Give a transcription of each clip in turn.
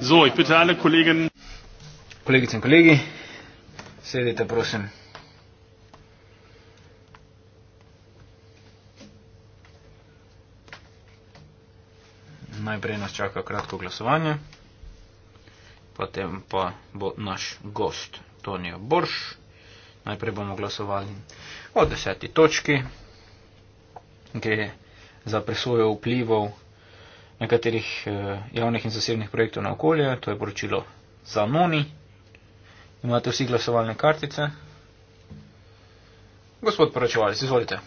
So, ich bitte alle Kolleginnen. Kolleginnen und Kollegen, sedete, prosim. Najprej nas čaka kratko glasovanje, potem pa bo naš gost Tonijo Borš. Najprej bomo glasovali o deseti točki, gre za presojo vplivov nekaterih eh, javnih in zasebnih projektov na okolje. To je poročilo za Noni. Imate vsi glasovalne kartice. Gospod poročevalec, izvolite.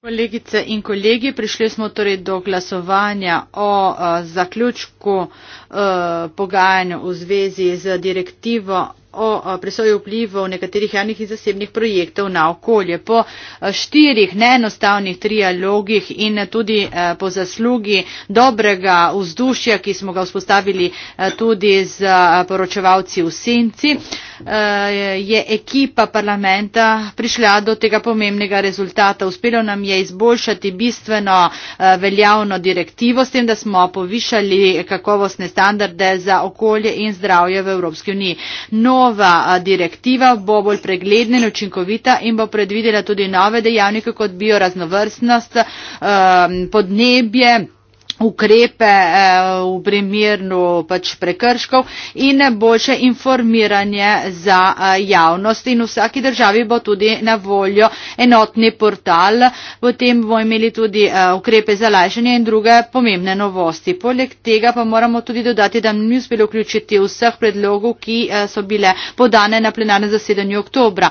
Kolegice in kolegi, prišli smo torej do glasovanja o a, eh, zaključku a, eh, pogajanju v zvezi z direktivo o presoji vplivov nekaterih javnih in zasebnih projektov na okolje. Po eh, štirih neenostavnih trialogih in tudi eh, po zaslugi dobrega vzdušja, ki smo ga vzpostavili eh, tudi z poročevalci v Senci, je ekipa parlamenta prišla do tega pomembnega rezultata. Uspelo nam je izboljšati bistveno veljavno direktivo s tem, da smo povišali kakovostne standarde za okolje in zdravje v Evropski uniji. No, nova direktiva bo bolj pregledna in učinkovita in bo predvidela tudi nove dejavnike kot bioraznovrstnost, podnebje, ukrepe eh, v primeru pač prekrškov in boljše informiranje za eh, javnost. In v vsaki državi bo tudi na voljo enotni portal, potem bomo imeli tudi eh, ukrepe za lažanje in druge pomembne novosti. Poleg tega pa moramo tudi dodati, da ni uspelo vključiti vseh predlogov, ki so bile podane na plenarnem zasedanju oktobra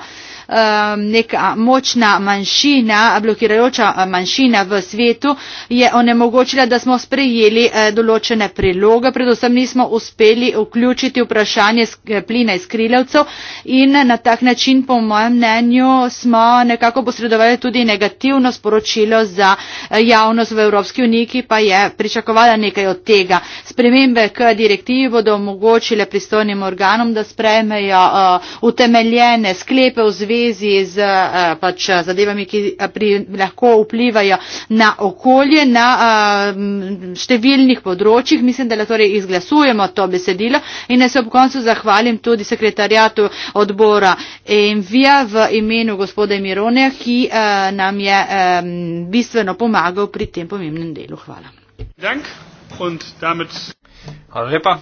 neka močna manjšina, blokirajoča eh, manjšina v svetu je onemogočila, da smo sprejeli eh, določene priloge. Predvsem nismo uspeli vključiti vprašanje eh, plina iz krilovcev in na tak način, po mojem mnenju, smo nekako posredovali tudi negativno sporočilo za javnost v Evropski uniji, ki pa je pričakovala nekaj od tega. Spremembe k direktivi bodo omogočile pristojnim organom, da sprejmejo utemeljene sklepe v zvezi zvezi z eh, pač eh, zadevami, ki eh, pri, lahko vplivajo na okolje na a, številnih področjih. Mislim, da torej izglasujemo to besedilo in naj se ob koncu zahvalim tudi sekretarjatu odbora Envija v imenu gospoda Mirone, ki a, nam je a, bistveno pomagal pri tem pomembnem delu. Hvala. Dank und damit. Hvala lepa.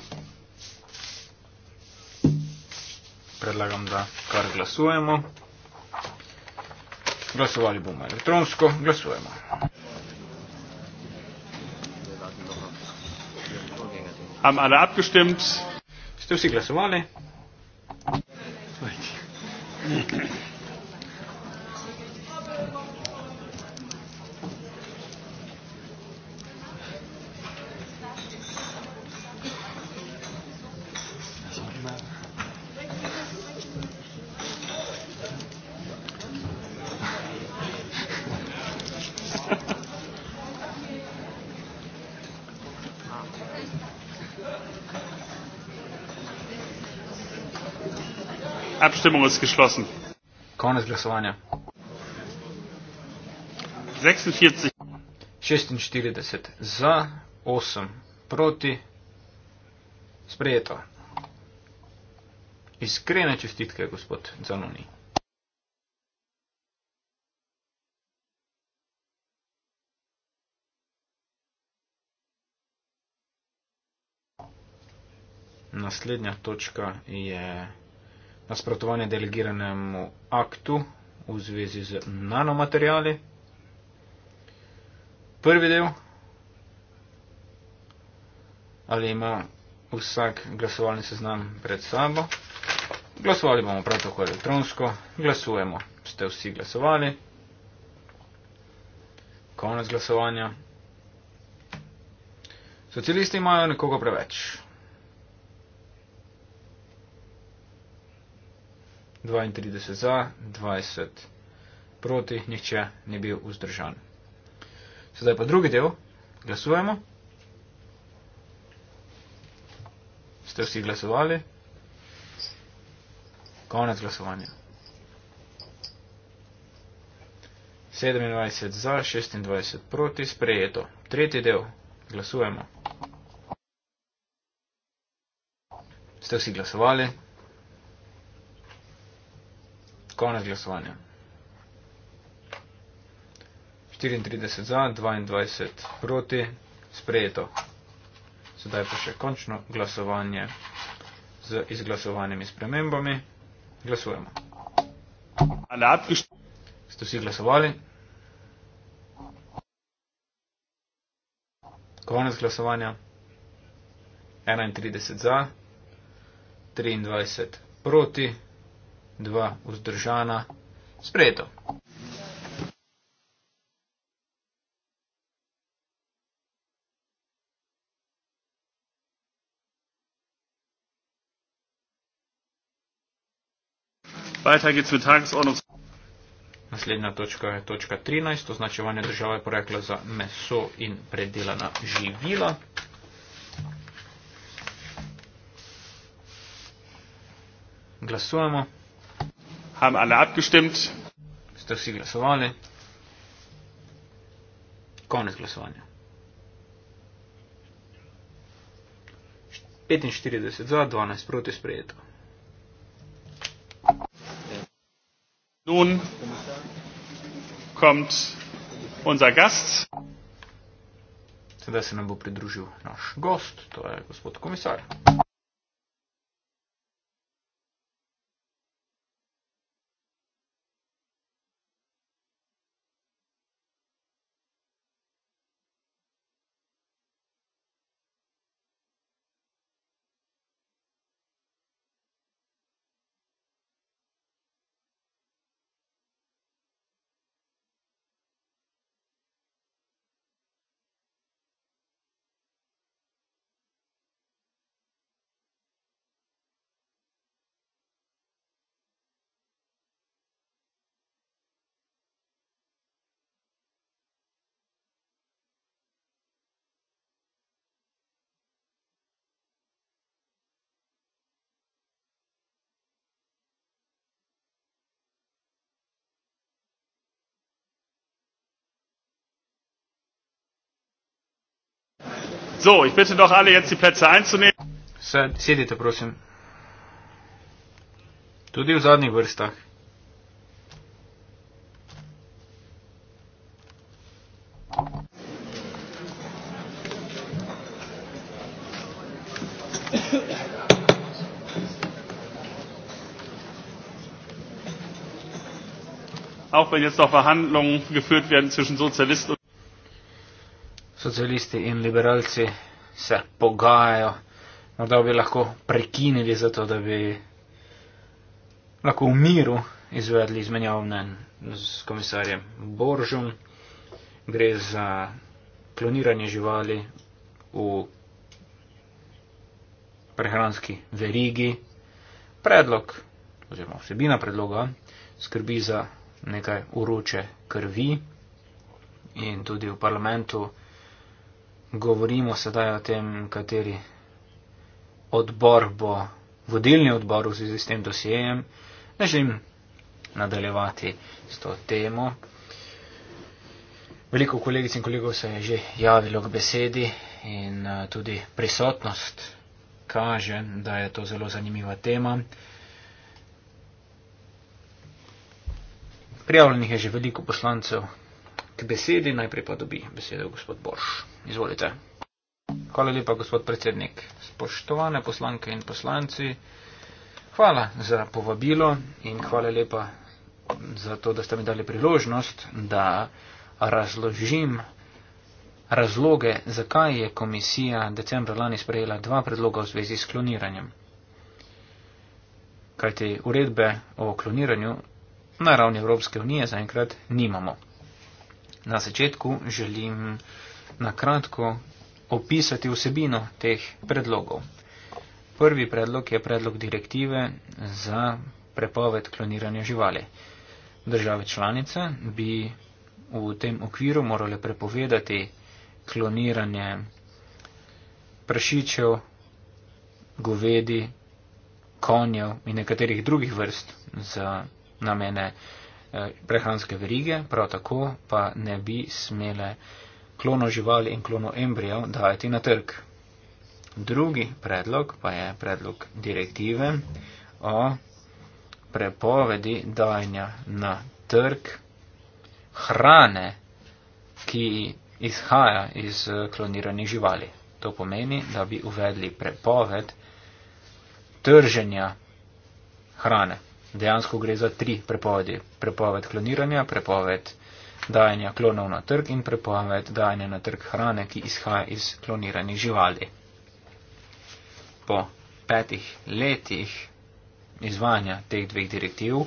Predlagam, da kar glasujemo glasovali bomo elektronsko, glasujemo. Haben alle abgestimmt? Ist das die Glasovale? Abstimmung ist geschlossen. Konec glasovanja. 46 za, 8 proti, sprejeto. Iskrene čestitke, gospod Zanoni. Naslednja točka je nasprotovanje delegiranemu aktu v zvezi z nanomateriali. Prvi del, ali ima vsak glasovalni seznam pred sabo. Glasovali bomo prav tako elektronsko, glasujemo, ste vsi glasovali. Konec glasovanja. Socialisti imajo nekoga preveč. 32 za, 20 proti, nihče ni bil vzdržan. Sedaj pa drugi del, glasujemo. Ste vsi glasovali? Konec glasovanja. 27 za, 26 proti, sprejeto. Tretji del, glasujemo. Ste vsi glasovali? Konec glasovanja. 34 za, 22 proti, sprejeto. Sedaj pa še končno glasovanje z izglasovanimi spremembami. Glasujemo. Ste vsi glasovali? Konec glasovanja. 31 za, 23 proti. 2 vzdržana. Sprejeto. Naslednja točka je točka 13, označevanje države porekla za meso in predelana živila. Glasujemo haben alle abgestimmt. Ste vsi glasovali? Konec glasovanja. 45 za, 12 proti sprejeto. Nun kommt unser Gast. Sedaj se nam bo pridružil naš gost, to je gospod komisar. So, ich bitte doch alle jetzt die Plätze einzunehmen. Sedite, prosim. Tudi v zadnjih vrstah. Auch wenn jetzt noch Verhandlungen geführt werden zwischen Sozialisten socialisti in liberalci se pogajajo, morda bi lahko prekinili zato, da bi lahko v miru izvedli izmenjav mnen s komisarjem Boržom. Gre za kloniranje živali v prehranski verigi. Predlog oziroma vsebina predloga skrbi za nekaj uroče krvi in tudi v parlamentu govorimo sedaj o tem, kateri odbor bo vodilni odbor v zvezi s tem dosjejem. Ne želim nadaljevati s to temo. Veliko kolegic in kolegov se je že javilo k besedi in eh, tudi prisotnost kaže, da je to zelo zanimiva tema. Prijavljenih je že veliko poslancev, k besedi, najprej pa dobi besedo gospod Borš. Izvolite. Hvala lepa, gospod predsednik. Spoštovane poslanke in poslanci, hvala za povabilo in hvala lepa za to, da ste mi dali priložnost, da razložim razloge, zakaj je komisija decembra lani sprejela dva predloga v zvezi s kloniranjem. Kajti uredbe o kloniranju na ravni Evropske unije zaenkrat nimamo. Na začetku želim na kratko opisati vsebino teh predlogov. Prvi predlog je predlog direktive za prepoved kloniranja živali. Države članice bi v tem okviru morale prepovedati kloniranje prašičev, govedi, konjev in nekaterih drugih vrst za namene prehranske verige, prav tako pa ne bi smele klono živali in klono embrijev dajati na trg. Drugi predlog pa je predlog direktive o prepovedi dajanja na trg hrane, ki izhaja iz eh, kloniranih živali. To pomeni, da bi uvedli prepoved trženja hrane. Dejansko gre za tri prepovedi. Prepoved kloniranja, prepoved dajanja klonov na trg in prepoved dajanja na trg hrane, ki izhaja iz kloniranih živali. Po petih letih izvanja teh dveh direktiv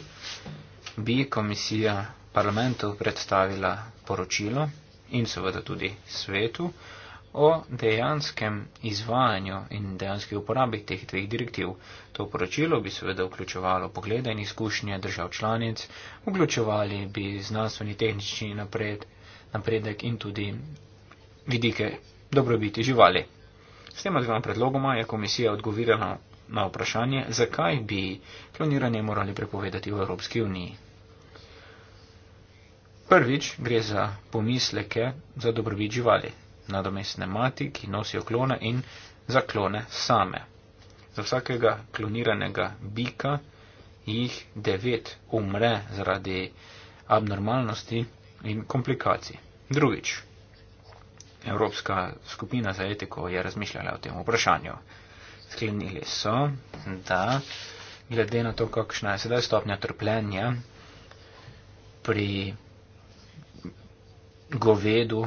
bi komisija parlamentov predstavila poročilo in seveda tudi svetu o dejanskem izvajanju in dejanski uporabi teh dveh direktiv. To poročilo bi seveda vključevalo poglede in izkušnje držav članic, vključevali bi znanstveni tehnični napred, napredek in tudi vidike dobrobiti živali. S tem dvema predlogoma je komisija odgovorila na vprašanje, zakaj bi kloniranje morali prepovedati v Evropski uniji. Prvič gre za pomisleke za dobrobit živali nadomestne mati, ki nosijo klone in zaklone same. Za vsakega kloniranega bika jih devet umre zaradi abnormalnosti in komplikacij. Drugič, Evropska skupina za etiko je razmišljala o tem vprašanju. Sklenili so, da glede na to, kakšna je sedaj stopnja trpljenja pri govedu,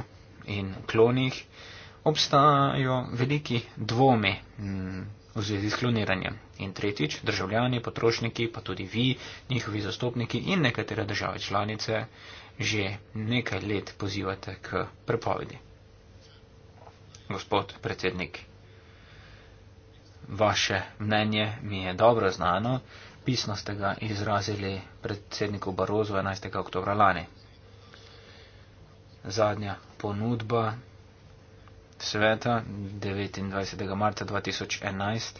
in klonih obstajajo veliki dvomi mm, v zvezi s kloniranjem. In tretjič, državljani, potrošniki, pa tudi vi, njihovi zastopniki in nekatere države članice že nekaj let pozivate k prepovedi. Gospod predsednik, vaše mnenje mi je dobro znano, pisno ste ga izrazili predsedniku Barozu 11. oktobra lani zadnja ponudba sveta 29. marca 2011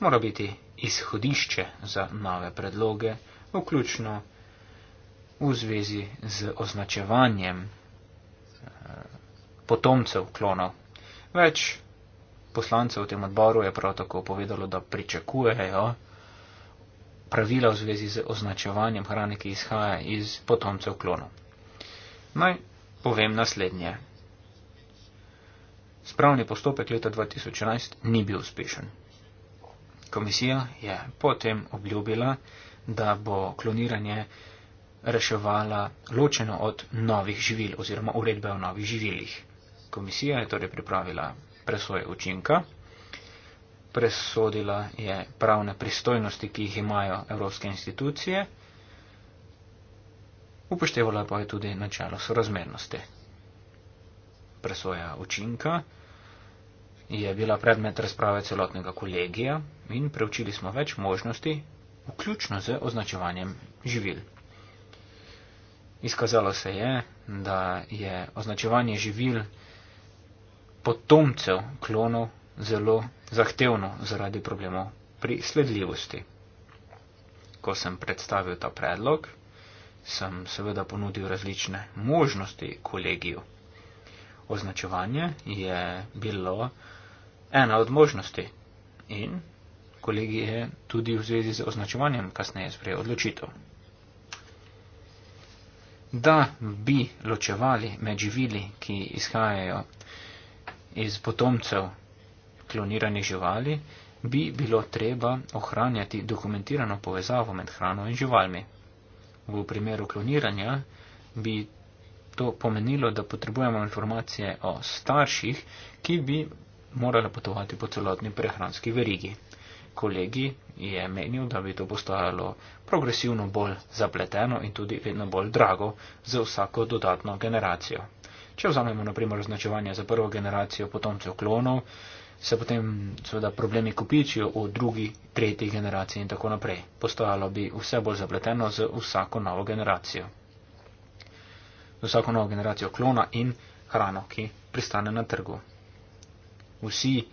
mora biti izhodišče za nove predloge, vključno v zvezi z označevanjem eh, potomcev klonov. Več poslancev v tem odboru je prav tako povedalo, da pričakujejo pravila v zvezi z označevanjem hrane, ki izhaja iz potomcev klonov. Naj povem naslednje. Spravni postopek leta 2011 ni bil uspešen. Komisija je potem obljubila, da bo kloniranje reševala ločeno od novih živil oziroma uredbe o novih živilih. Komisija je torej pripravila presoje učinka, presodila je pravne pristojnosti, ki jih imajo evropske institucije upoštevala pa je tudi načelo sorazmernosti. Presoja učinka je bila predmet razprave celotnega kolegija in preučili smo več možnosti, vključno z označevanjem živil. Izkazalo se je, da je označevanje živil potomcev klonov zelo zahtevno zaradi problemov pri sledljivosti. Ko sem predstavil ta predlog, sem seveda ponudil različne možnosti kolegiju. Označevanje je bilo ena od možnosti in kolegi je tudi v zvezi z označevanjem kasneje sprejel odločitev. Da bi ločevali med živili, ki izhajajo iz potomcev kloniranih živali, bi bilo treba ohranjati dokumentirano povezavo med hrano in živalmi v primeru kloniranja, bi to pomenilo, da potrebujemo informacije o starših, ki bi morali potovati po celotni prehranski verigi. Kolegi je menil, da bi to postajalo progresivno bolj zapleteno in tudi vedno bolj drago za vsako dodatno generacijo. Če vzamemo naprimer označevanje za prvo generacijo potomcev klonov, se potem seveda problemi kopičijo v drugi, tretji generaciji in tako naprej. Postojalo bi vse bolj zapleteno z vsako novo generacijo. Z vsako novo generacijo klona in hrano, ki pristane na trgu. Vsi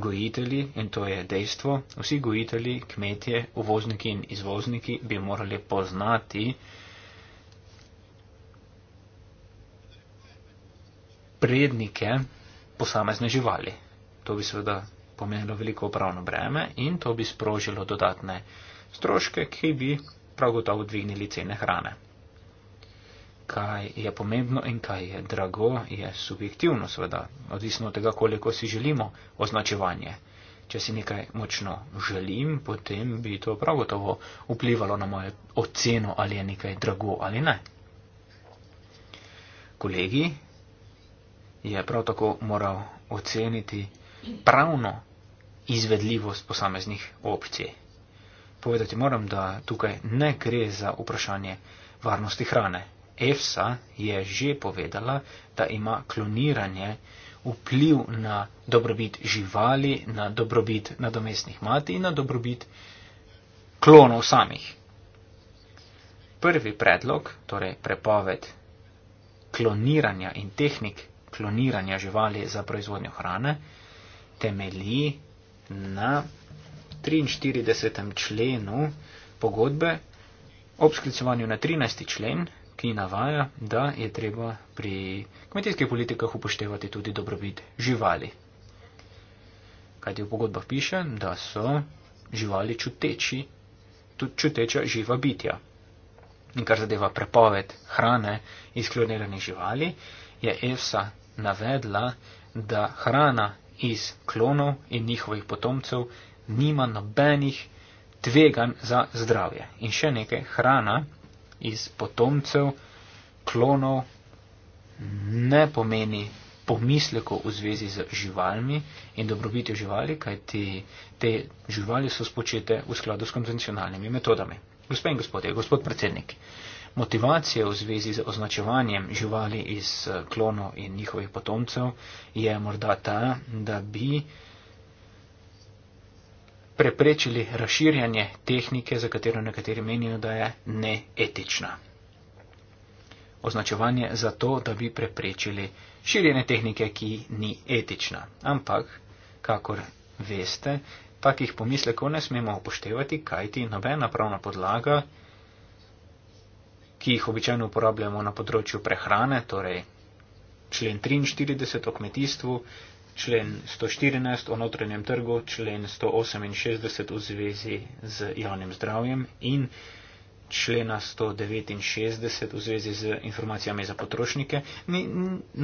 gojitelji, in to je dejstvo, vsi gojitelji, kmetje, uvozniki in izvozniki bi morali poznati prednike posamezne živali. To bi seveda pomenilo veliko upravno breme in to bi sprožilo dodatne stroške, ki bi prav gotovo dvignili cene hrane. Kaj je pomembno in kaj je drago, je subjektivno seveda, odvisno od tega, koliko si želimo označevanje. Če si nekaj močno želim, potem bi to prav gotovo vplivalo na moje oceno, ali je nekaj drago ali ne. Kolegi je prav tako moral oceniti, pravno izvedljivost posameznih opcij. Povedati moram, da tukaj ne gre za vprašanje varnosti hrane. EFSA je že povedala, da ima kloniranje vpliv na dobrobit živali, na dobrobit nadomestnih mati in na dobrobit klonov samih. Prvi predlog, torej prepoved kloniranja in tehnik kloniranja živali za proizvodnjo hrane, temelji na 43. členu pogodbe ob sklicovanju na 13. člen, ki navaja, da je treba pri kmetijskih politikah upoštevati tudi dobrobit živali. Kajti v pogodbah piše, da so živali čuteči, tudi čuteča živa bitja. In kar zadeva prepoved hrane iz kloniranih živali, je EFSA navedla, da hrana iz klonov in njihovih potomcev nima nobenih tveganj za zdravje. In še nekaj, hrana iz potomcev klonov ne pomeni pomisleko v zvezi z živalmi in dobrobitjo živali, kaj ti, te živali so spočete v skladu s konvencionalnimi metodami. Gospod in gospodje, gospod predsednik, Motivacija v zvezi z označevanjem živali iz eh, klonov in njihovih potomcev je morda ta, da bi preprečili razširjanje tehnike, za katero nekateri menijo, da je neetična. Označevanje zato, da bi preprečili širjenje tehnike, ki ni etična. Ampak, kakor veste, takih pomislekov ne smemo upoštevati, kajti nobena pravna podlaga ki jih običajno uporabljamo na področju prehrane, torej člen 43 o kmetijstvu, člen 114 o notranjem trgu, člen 168 v zvezi z javnim zdravjem in člena 169 v zvezi z informacijami za potrošnike, ni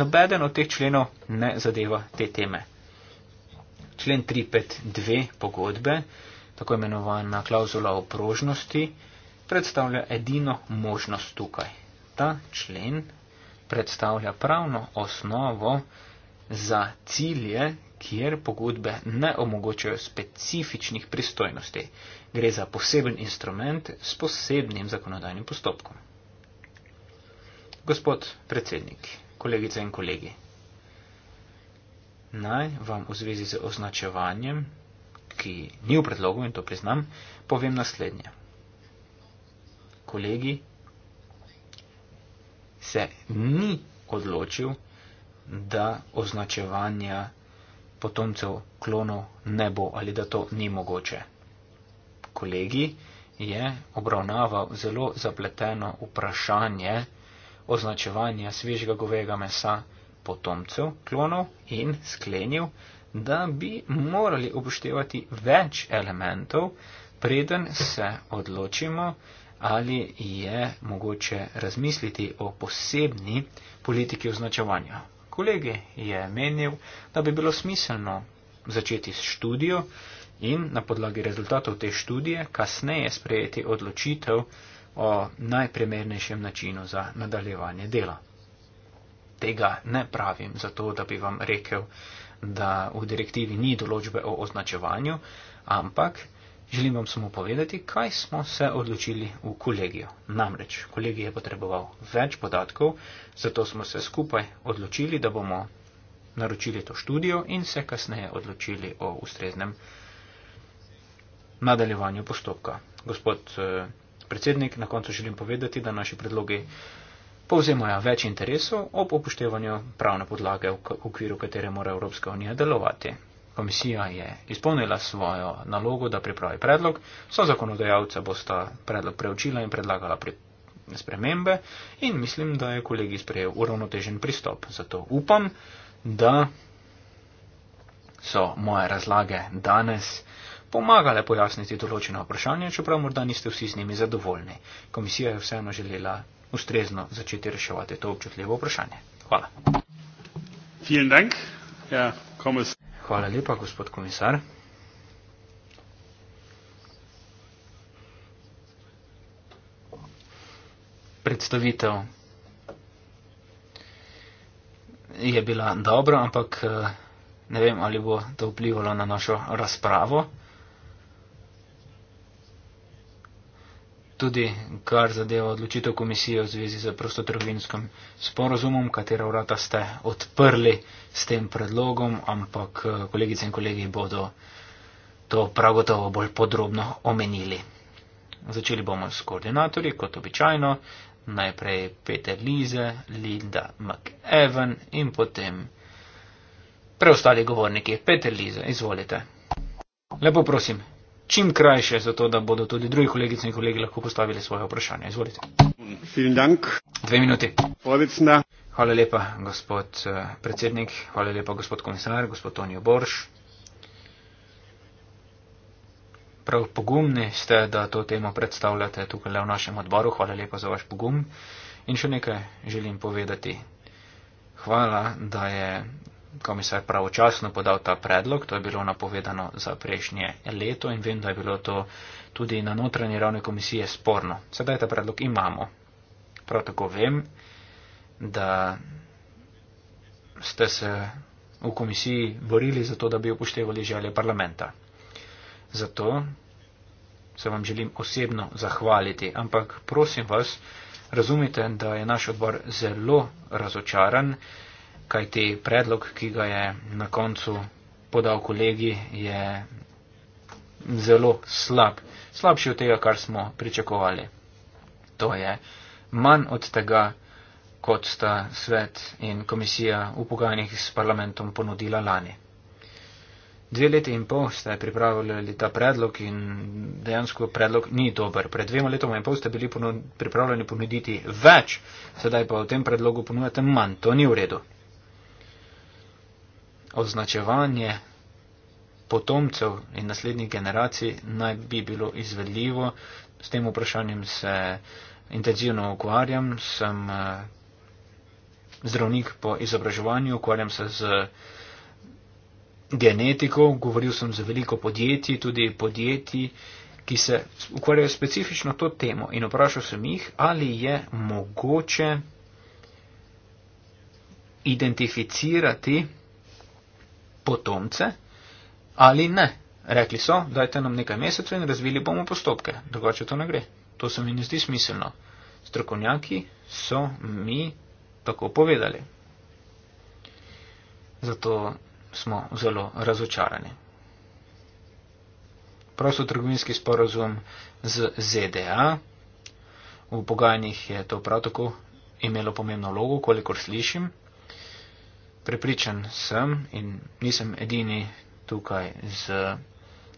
nobeden od teh členov ne zadeva te teme. Člen 352 pogodbe, tako imenovana klauzula o prožnosti, predstavlja edino možnost tukaj. Ta člen predstavlja pravno osnovo za cilje, kjer pogodbe ne omogočajo specifičnih pristojnosti. Gre za poseben instrument s posebnim zakonodajnim postopkom. Gospod predsednik, kolegice in kolegi, naj vam v zvezi z označevanjem, ki ni v predlogu in to priznam, povem naslednje kolegi, se ni odločil, da označevanja potomcev klonov ne bo ali da to ni mogoče. Kolegi je obravnaval zelo zapleteno vprašanje označevanja svežega govega mesa potomcev klonov in sklenil, da bi morali upoštevati več elementov, preden se odločimo, ali je mogoče razmisliti o posebni politiki označevanja. Kolegi je menil, da bi bilo smiselno začeti s študijo in na podlagi rezultatov te študije kasneje sprejeti odločitev o najprimernejšem načinu za nadaljevanje dela. Tega ne pravim zato, da bi vam rekel, da v direktivi ni določbe o označevanju, ampak Želim vam samo povedati, kaj smo se odločili v kolegijo. Namreč, kolegij je potreboval več podatkov, zato smo se skupaj odločili, da bomo naročili to študijo in se kasneje odločili o ustreznem nadaljevanju postopka. Gospod eh, predsednik, na koncu želim povedati, da naši predlogi povzemajo več interesov ob upoštevanju pravne podlage, v okviru katere mora Evropska unija delovati komisija je izpolnila svojo nalogo, da pripravi predlog, so zakonodajalce bosta predlog preučila in predlagala pri spremembe in mislim, da je kolegi sprejel uravnotežen pristop. Zato upam, da so moje razlage danes pomagale pojasniti določena vprašanja, čeprav morda niste vsi z njimi zadovoljni. Komisija je vseeno želela ustrezno začeti reševati to občutljivo vprašanje. Hvala. Vielen Dank, Herr Kommissar. Hvala lepa, gospod komisar. Predstavitev je bila dobra, ampak eh, ne vem, ali bo to vplivalo na našo razpravo. tudi kar zadeva odločitev komisije v zvezi z prostotrovinskim sporozumom, katera vrata ste odprli s tem predlogom, ampak eh, kolegice in kolegi bodo to pravgotovo bolj podrobno omenili. Začeli bomo s koordinatorji, kot običajno, najprej Peter Lize, Linda McEwen in potem preostali govorniki. Peter Lize, izvolite. Lepo prosim, čim krajše, zato da bodo tudi drugi kolegice in kolegi lahko postavili svoje vprašanje. Izvolite. Dve minuti. Povicna. Hvala lepa, gospod eh, predsednik, hvala lepa, gospod komisar, gospod Tonijo Borš. Prav pogumni ste, da to temo predstavljate tukaj le v našem odboru. Hvala lepa za vaš pogum. In še nekaj želim povedati. Hvala, da je komisar pravočasno podal ta predlog, to je bilo napovedano za prejšnje leto in vem, da je bilo to tudi na notranji ravni komisije sporno. Sedaj ta predlog imamo. Prav tako vem, da ste se v komisiji borili za to, da bi upoštevali želje parlamenta. Zato se vam želim osebno zahvaliti, ampak prosim vas, razumite, da je naš odbor zelo razočaran, kajti predlog, ki ga je na koncu podal kolegi, je zelo slab. Slabši od tega, kar smo pričakovali. To je manj od tega, kot sta svet in komisija v pogajanjih s parlamentom ponudila lani. Dve leti in pol ste pripravljali ta predlog in dejansko predlog ni dober. Pred dvema letoma in pol ste bili ponud, pripravljeni ponuditi več, sedaj pa v tem predlogu ponujate manj. To ni v redu označevanje potomcev in naslednjih generacij naj bi bilo izvedljivo. S tem vprašanjem se intenzivno ukvarjam, sem eh, zdravnik po izobraževanju, ukvarjam se z genetiko, govoril sem z veliko podjetji, tudi podjetji, ki se ukvarjajo specifično to temo in vprašal sem jih, ali je mogoče identificirati potomce ali ne. Rekli so, dajte nam nekaj mesecev in razvili bomo postopke, drugače to ne gre. To se mi ne zdi smiselno. Strokovnjaki so mi tako povedali. Zato smo zelo razočarani. Prostotrgovinski sporozum z ZDA. V pogajanjih je to prav tako imelo pomembno vlogo, kolikor slišim prepričan sem in nisem edini tukaj z,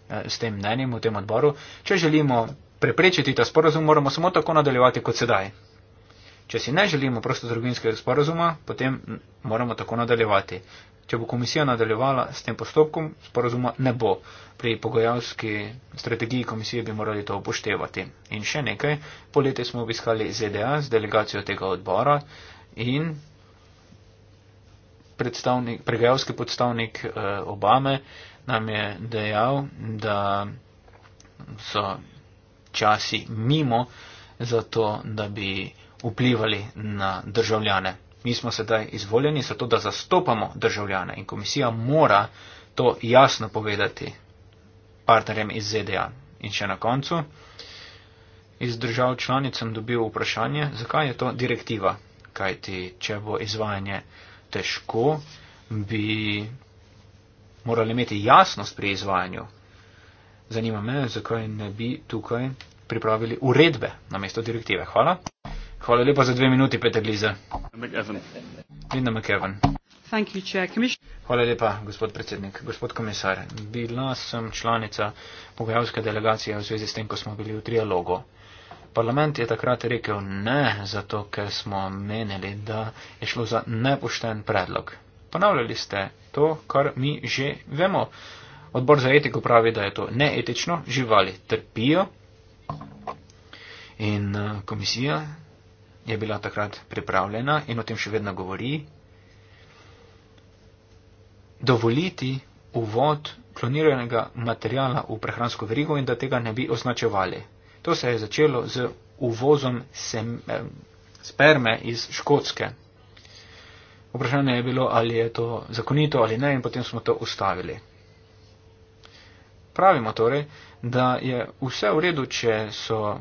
z eh, tem mnenjem v tem odboru. Če želimo preprečiti ta sporozum, moramo samo tako nadaljevati kot sedaj. Če si ne želimo prostotrgovinskega sporozuma, potem moramo tako nadaljevati. Če bo komisija nadaljevala s tem postopkom, sporozuma ne bo. Pri pogojavski strategiji komisije bi morali to upoštevati. In še nekaj, poleti smo obiskali ZDA z delegacijo tega odbora in predstavnik, pregajalski podstavnik eh, Obame nam je dejal, da so časi mimo za to, da bi vplivali na državljane. Mi smo sedaj izvoljeni za to, da zastopamo državljane in komisija mora to jasno povedati partnerjem iz ZDA. In še na koncu, iz držav članic sem dobil vprašanje, zakaj je to direktiva, kajti če bo izvajanje težko, bi morali imeti jasnost pri izvajanju. Zanima me, zakaj ne bi tukaj pripravili uredbe na mesto direktive. Hvala. Hvala lepa za dve minuti, Peter Lize. McEvan. Linda McEvan. You, Hvala lepa, gospod predsednik, gospod komisar. Bila sem članica pogajalske delegacije v zvezi s tem, ko smo bili v trialogu parlament je takrat rekel ne, zato ker smo menili, da je šlo za nepošten predlog. Ponavljali ste to, kar mi že vemo. Odbor za etiko pravi, da je to neetično, živali trpijo. In eh, komisija je bila takrat pripravljena in o tem še vedno govori. Dovoliti uvod kloniranega materijala v prehransko verigo in da tega ne bi označevali. To se je začelo z uvozom sem, eh, sperme iz Škotske. Vprašanje je bilo, ali je to zakonito ali ne, in potem smo to ustavili. Pravimo torej, da je vse v redu, če so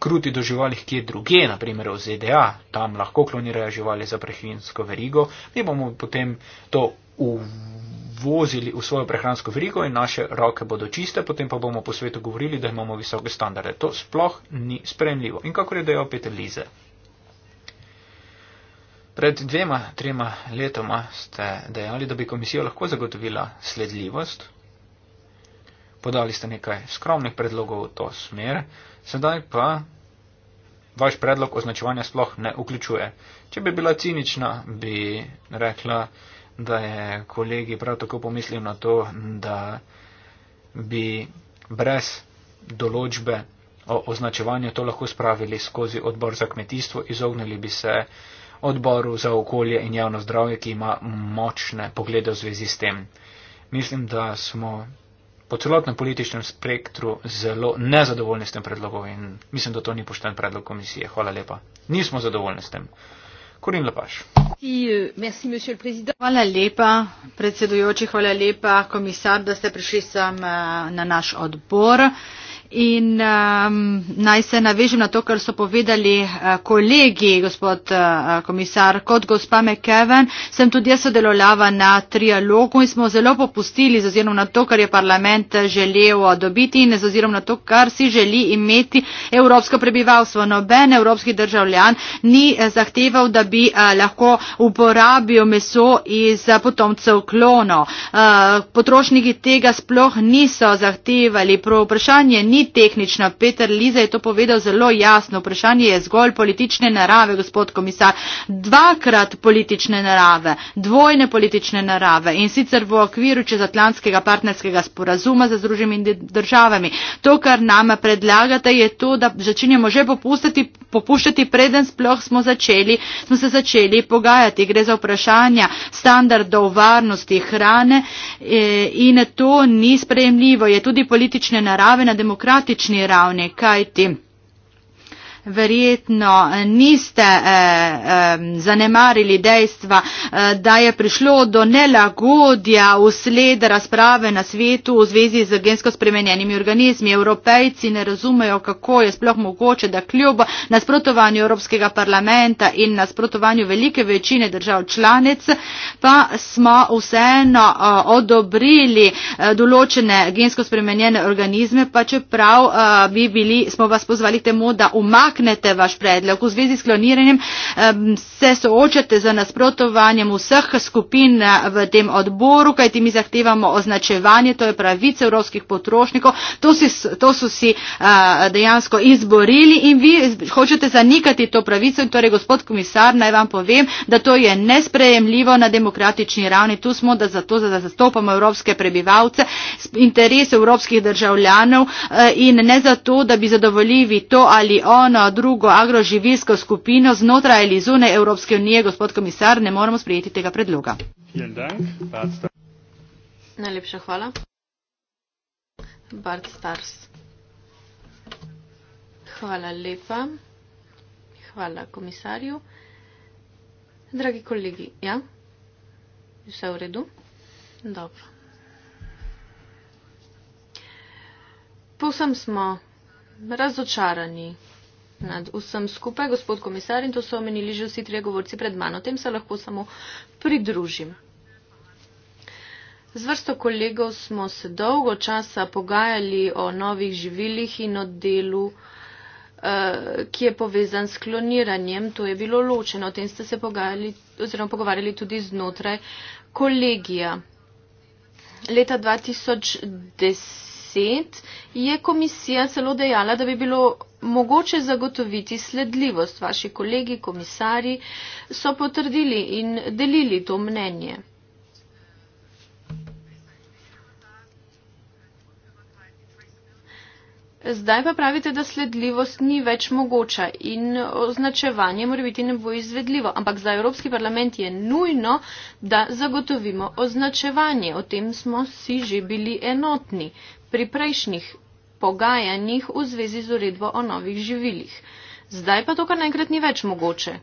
kruti do živalih kje druge, naprimer v ZDA, tam lahko klonirajo živali za prehinsko verigo, mi bomo potem to uvozili vozili v svojo prehransko verigo in naše roke bodo čiste, potem pa bomo po svetu govorili, da imamo visoke standarde. To sploh ni sprejemljivo. In kako je dejal Peter Lize? Pred dvema, trema letoma ste dejali, da bi komisija lahko zagotovila sledljivost. Podali ste nekaj skromnih predlogov v to smer, sedaj pa vaš predlog označevanja sploh ne vključuje. Če bi bila cinična, bi rekla, da je kolegi prav tako pomislil na to, da bi brez določbe o označevanju to lahko spravili skozi odbor za kmetijstvo, izognili bi se odboru za okolje in javno zdravje, ki ima močne poglede v zvezi s tem. Mislim, da smo po celotnem političnem spektru zelo nezadovoljni s tem predlogom in mislim, da to ni pošten predlog komisije. Hvala lepa. Nismo zadovoljni s tem. Euh, hvala lepa predsedujoči hvala lepa komisar da ste prišli sem eh, na naš odbor. In um, naj se navežem na to, kar so povedali uh, kolegi, gospod uh, komisar, kot gospa Mekeven, sem tudi jaz sodelovala na trialogu in smo zelo popustili z ozirom na to, kar je parlament želel dobiti in z ozirom na to, kar si želi imeti evropsko prebivalstvo. Noben evropski državljan ni eh, zahteval, da bi uh, lahko uporabil meso iz uh, potomcev klono. Uh, potrošniki tega sploh niso zahtevali ni tehnična. Peter Liza je to povedal zelo jasno. Vprašanje je zgolj politične narave, gospod komisar. Dvakrat politične narave, dvojne politične narave in sicer v okviru čezatlantskega partnerskega sporazuma za združenimi državami. To, kar nama predlagate, je to, da začenjamo že popustiti, popuščati, preden sploh smo, začeli, smo se začeli pogajati. Gre za vprašanja standardov varnosti hrane e, in to ni sprejemljivo. Je tudi politične narave na demokraciji demokratični ravni, kajti verjetno eh, niste eh, eh, zanemarili dejstva, eh, da je prišlo do nelagodja usled razprave na svetu v zvezi z gensko spremenjenimi organizmi. Evropejci ne razumejo, kako je sploh mogoče, da kljub nasprotovanju Evropskega parlamenta in nasprotovanju velike večine držav članic, pa smo vseeno eh, odobrili eh, določene gensko spremenjene organizme, pa čeprav eh, bi bili, smo vas pozvali k temu, da umaknemo umaknete vaš predlog v zvezi s kloniranjem, se soočate za nasprotovanjem vseh skupin eh, v tem odboru, kajti mi zahtevamo označevanje, to je pravice evropskih potrošnikov, to, si, to so si eh, dejansko izborili in vi hočete zanikati to pravico in torej gospod komisar naj vam povem, da to je nesprejemljivo na demokratični ravni, tu smo, da zato da zastopamo evropske prebivalce, interese evropskih državljanov eh, in ne zato, da bi zadovoljili to ali ono drugo agroživilsko skupino znotraj ali zunaj Evropske unije, gospod komisar, ne moremo sprejeti tega predloga. Najlepša hvala. Bart Stars. Hvala lepa. Hvala komisarju. Dragi kolegi, ja? Vse v redu? Dobro. Povsem smo razočarani nad vsem skupaj, gospod komisar, in to so omenili že vsi trije govorci pred mano. Tem se lahko samo pridružim. Z vrsto kolegov smo se dolgo časa pogajali o novih živilih in o delu, eh, ki je povezan s kloniranjem. To je bilo ločeno. O tem ste se pogajali oziroma pogovarjali tudi znotraj kolegija. Leta 2010 je komisija celo dejala, da bi bilo mogoče zagotoviti sledljivost. Vaši kolegi, komisari so potrdili in delili to mnenje. Zdaj pa pravite, da sledljivost ni več mogoča in označevanje mora biti ne bo izvedljivo, ampak za Evropski parlament je nujno, da zagotovimo označevanje. O tem smo si že bili enotni pri prejšnjih pogajanjih v zvezi z uredbo o novih živilih. Zdaj pa to kar naenkrat ni več mogoče.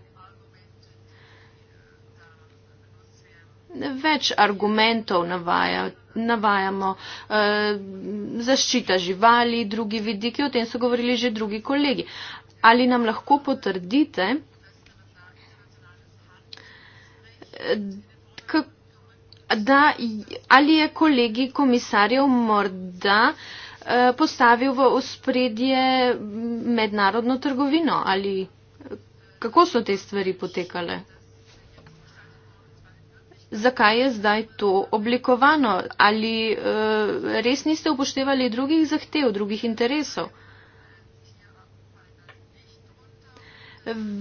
Več argumentov navaja, navajamo. E, zaščita živali, drugi vidiki, o tem so govorili že drugi kolegi. Ali nam lahko potrdite, da, eh, da ali je kolegi komisarjev morda. E, Eh, postavil v ospredje mednarodno trgovino ali kako so te stvari potekale? Zakaj je zdaj to oblikovano? Ali eh, res niste upoštevali drugih zahtev, drugih interesov?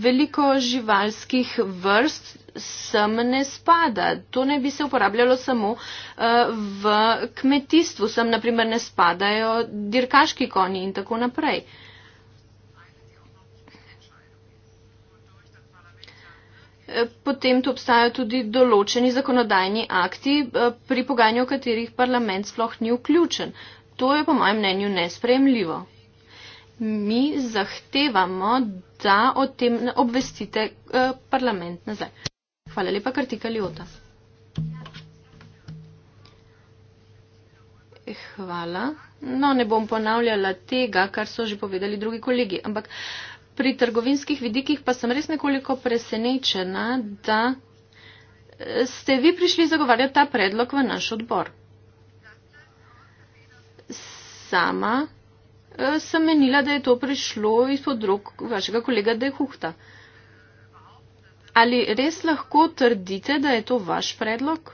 veliko živalskih vrst sem ne spada. To ne bi se uporabljalo samo eh, v kmetijstvu. Sem, naprimer, ne spadajo dirkaški konji in tako naprej. Eh, potem tu obstajajo tudi določeni zakonodajni akti, eh, pri pogajanju o katerih parlament sploh ni vključen. To je po mojem mnenju nesprejemljivo. Mi zahtevamo, da o tem ne obvestite eh, parlament nazaj. Hvala lepa, Kartika Ljota. Eh, hvala. No, ne bom ponavljala tega, kar so že povedali drugi kolegi, ampak pri trgovinskih vidikih pa sem res nekoliko presenečena, da eh, ste vi prišli zagovarjati ta predlog v naš odbor. Sama Eh, sem menila, da je to prišlo izpod rok vašega kolega Dehuhta. Ali res lahko trdite, da je to vaš predlog?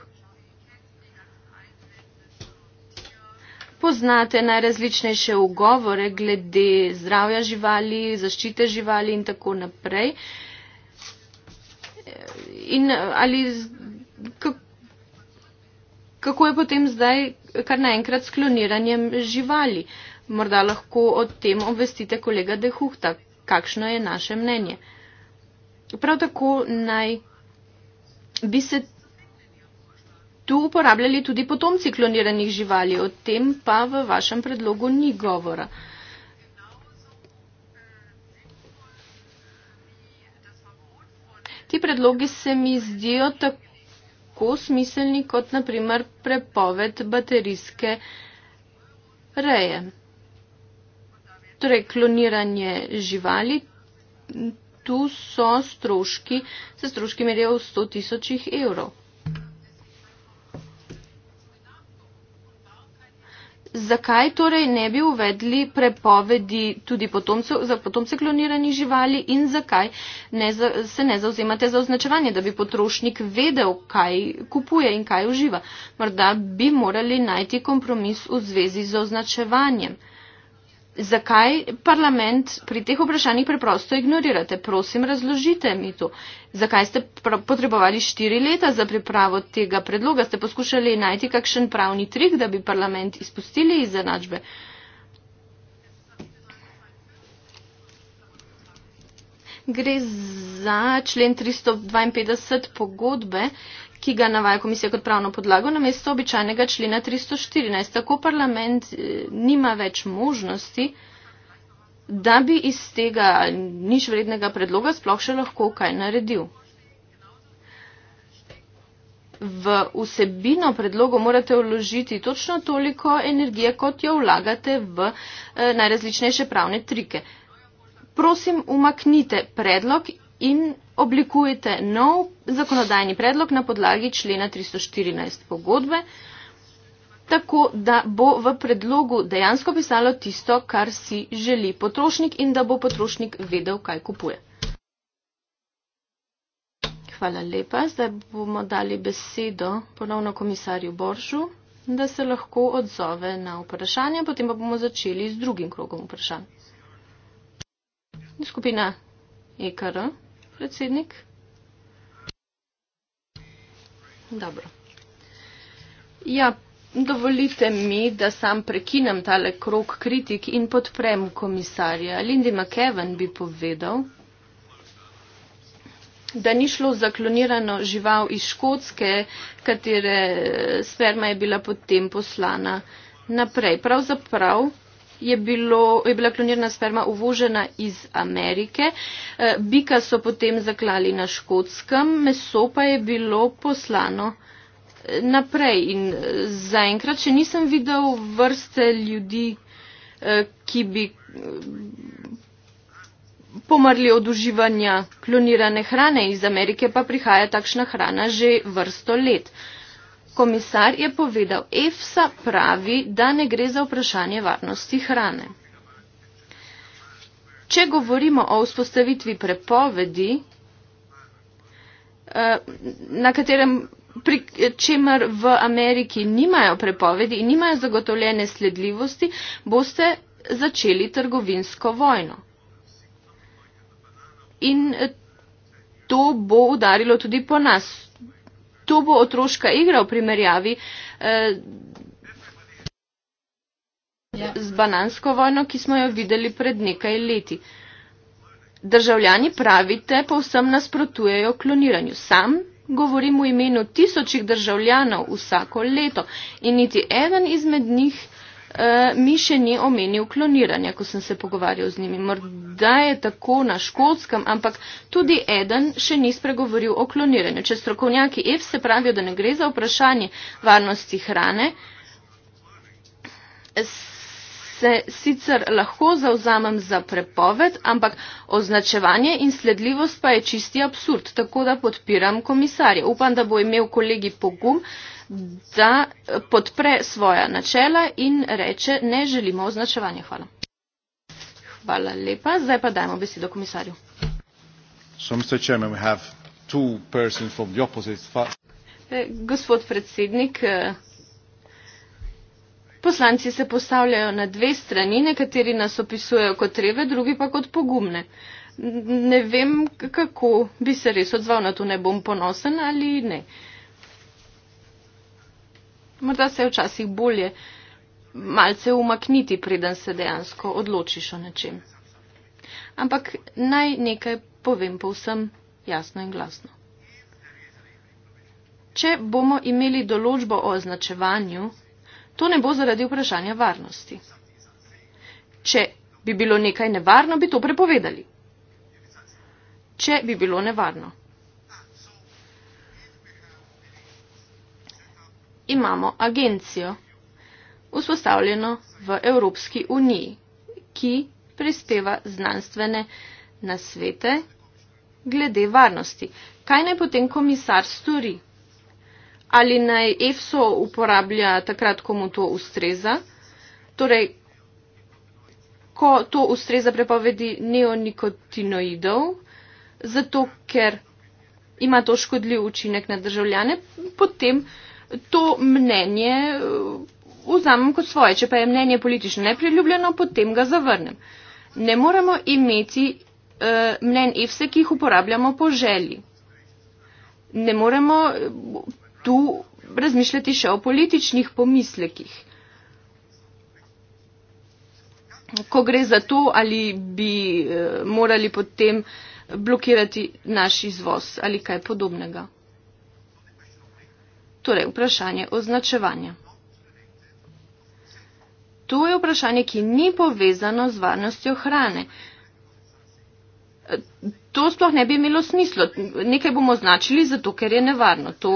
Poznate najrazličnejše ugovore glede zdravja živali, zaščite živali in tako naprej. Eh, in eh, ali kako je potem zdaj kar naenkrat s kloniranjem živali? Morda lahko o tem obvestite kolega Dehuhta, kakšno je naše mnenje. Prav tako naj bi se tu uporabljali tudi potomci kloniranih živali, o tem pa v vašem predlogu ni govora. Ti predlogi se mi zdijo tako smiselni kot naprimer prepoved baterijske reje. Torej, kloniranje živali, tu so stroški, se stroški merijo v 100 tisočih evrov. Zakaj torej ne bi uvedli prepovedi tudi potomce, za potomce kloniranih živali in zakaj ne za, se ne zauzemate za označevanje, da bi potrošnik vedel, kaj kupuje in kaj uživa? Morda bi morali najti kompromis v zvezi z označevanjem zakaj parlament pri teh vprašanjih preprosto ignorirate? Prosim, razložite mi to. Zakaj ste potrebovali štiri leta za pripravo tega predloga? Ste poskušali najti kakšen pravni trik, da bi parlament izpustili iz zanačbe? Gre za člen 352 pogodbe, ki ga navaja komisija kot pravno podlago, namesto običajnega člena 314. Tako parlament eh, nima več možnosti, da bi iz tega nič vrednega predloga sploh še lahko kaj naredil. V vsebino predlogo morate vložiti točno toliko energije, kot jo vlagate v eh, najrazličnejše pravne trike. Prosim, umaknite predlog in oblikujete nov zakonodajni predlog na podlagi člena 314 pogodbe, tako da bo v predlogu dejansko pisalo tisto, kar si želi potrošnik in da bo potrošnik vedel, kaj kupuje. Hvala lepa. Zdaj bomo dali besedo ponovno komisarju Boršu, da se lahko odzove na vprašanje, potem pa bomo začeli z drugim krogom vprašanj. Skupina EKR predsednik? Dobro. Ja, dovolite mi, da sam prekinem tale krok kritik in podprem komisarja. Lindy McEwen bi povedal, da ni šlo za klonirano žival iz Škotske, katere sperma je bila potem poslana naprej. Pravzaprav. Prav je, bilo, je bila klonirana sperma uvožena iz Amerike. Eh, bika so potem zaklali na škotskem, meso pa je bilo poslano eh, naprej. In eh, zaenkrat še nisem videl vrste ljudi, ki bi pomrli od uživanja klonirane hrane iz Amerike, pa prihaja takšna hrana že vrsto let. Uh, Komisar je povedal, EFSA pravi, da ne gre za vprašanje varnosti hrane. Če govorimo o vzpostavitvi prepovedi, eh, na katerem pri čemer v Ameriki nimajo prepovedi in nimajo zagotovljene sledljivosti, boste začeli trgovinsko vojno. In to bo udarilo tudi po nas to bo otroška igra v primerjavi eh, ja. z banansko vojno, ki smo jo videli pred nekaj leti. Državljani pravite, pa vsem nasprotujejo kloniranju. Sam govorim v imenu tisočih državljanov vsako leto in niti eden izmed njih Eh, mi še ni omenil kloniranja, ko sem se pogovarjal z njimi. Morda je tako na škotskem, ampak tudi eden še ni spregovoril o kloniranju. Če strokovnjaki EF se pravijo, da ne gre za vprašanje varnosti hrane, se sicer lahko zauzamem za prepoved, ampak označevanje in sledljivost pa je čisti absurd, tako da podpiram komisarje. Upam, da bo imel kolegi pogum, da eh, podpre svoja načela in reče, ne želimo označevanje. Hvala. Hvala lepa. Zdaj pa dajmo besedo komisarju. Eh, gospod predsednik, eh, Poslanci se postavljajo na dve strani, nekateri nas opisujejo kot treve, drugi pa kot pogumne. Ne vem, kako bi se res odzval na to, ne bom ponosen ali ne. Morda se je včasih bolje malce umakniti, preden se dejansko odločiš o nečem. Ampak naj nekaj povem povsem jasno in glasno. Če bomo imeli določbo o označevanju, To ne bo zaradi vprašanja varnosti. Če bi bilo nekaj nevarno, bi to prepovedali. Če bi bilo nevarno. Imamo agencijo, vzpostavljeno v Evropski uniji, ki prispeva znanstvene nasvete glede varnosti. Kaj naj potem komisar stori? ali naj EFSO uporablja takrat, ko mu to ustreza. Torej, ko to ustreza prepovedi neonikotinoidov, zato ker ima to škodljiv učinek na državljane, potem to mnenje uh, vzamem kot svoje. Če pa je mnenje politično nepriljubljeno, potem ga zavrnem. Ne moramo imeti uh, mnen EFSE, ki jih uporabljamo po želji. Ne moremo tu razmišljati še o političnih pomislekih. Ko gre za to, ali bi eh, morali potem blokirati naš izvoz ali kaj podobnega. Torej, vprašanje označevanja. To je vprašanje, ki ni povezano z varnostjo hrane to sploh ne bi imelo smislo. Nekaj bomo označili zato, ker je nevarno. To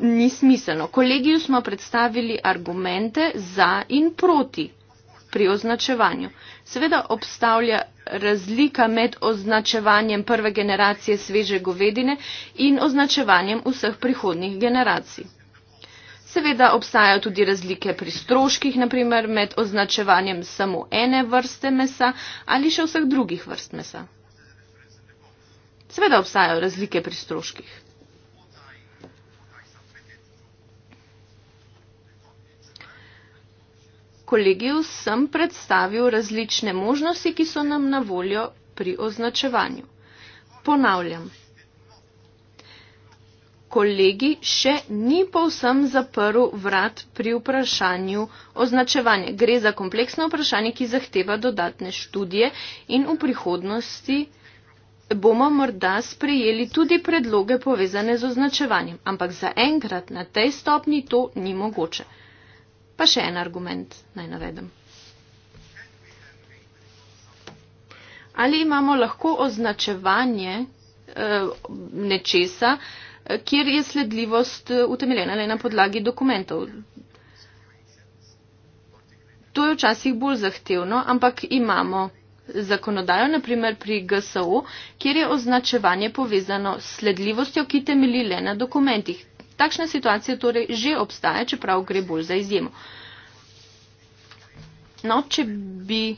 ni smiselno. Kolegiju smo predstavili argumente za in proti pri označevanju. Seveda obstavlja razlika med označevanjem prve generacije sveže govedine in označevanjem vseh prihodnih generacij. Seveda obstajajo tudi razlike pri stroških, naprimer med označevanjem samo ene vrste mesa ali še vseh drugih vrst mesa. Seveda obstajajo razlike pri stroških. Kolegiju sem predstavil različne možnosti, ki so nam na voljo pri označevanju. Ponavljam. Kolegi še ni povsem zaprl vrat pri vprašanju označevanja. Gre za kompleksno vprašanje, ki zahteva dodatne študije in v prihodnosti bomo morda sprejeli tudi predloge povezane z označevanjem, ampak zaenkrat na tej stopni to ni mogoče. Pa še en argument naj navedem. Ali imamo lahko označevanje eh, nečesa, kjer je sledljivost eh, utemeljena le na podlagi dokumentov? To je včasih bolj zahtevno, ampak imamo zakonodajo, naprimer pri GSO, kjer je označevanje povezano s sledljivostjo, ki temelji le na dokumentih. Takšna situacija torej že obstaja, čeprav gre bolj za izjemo. No, če bi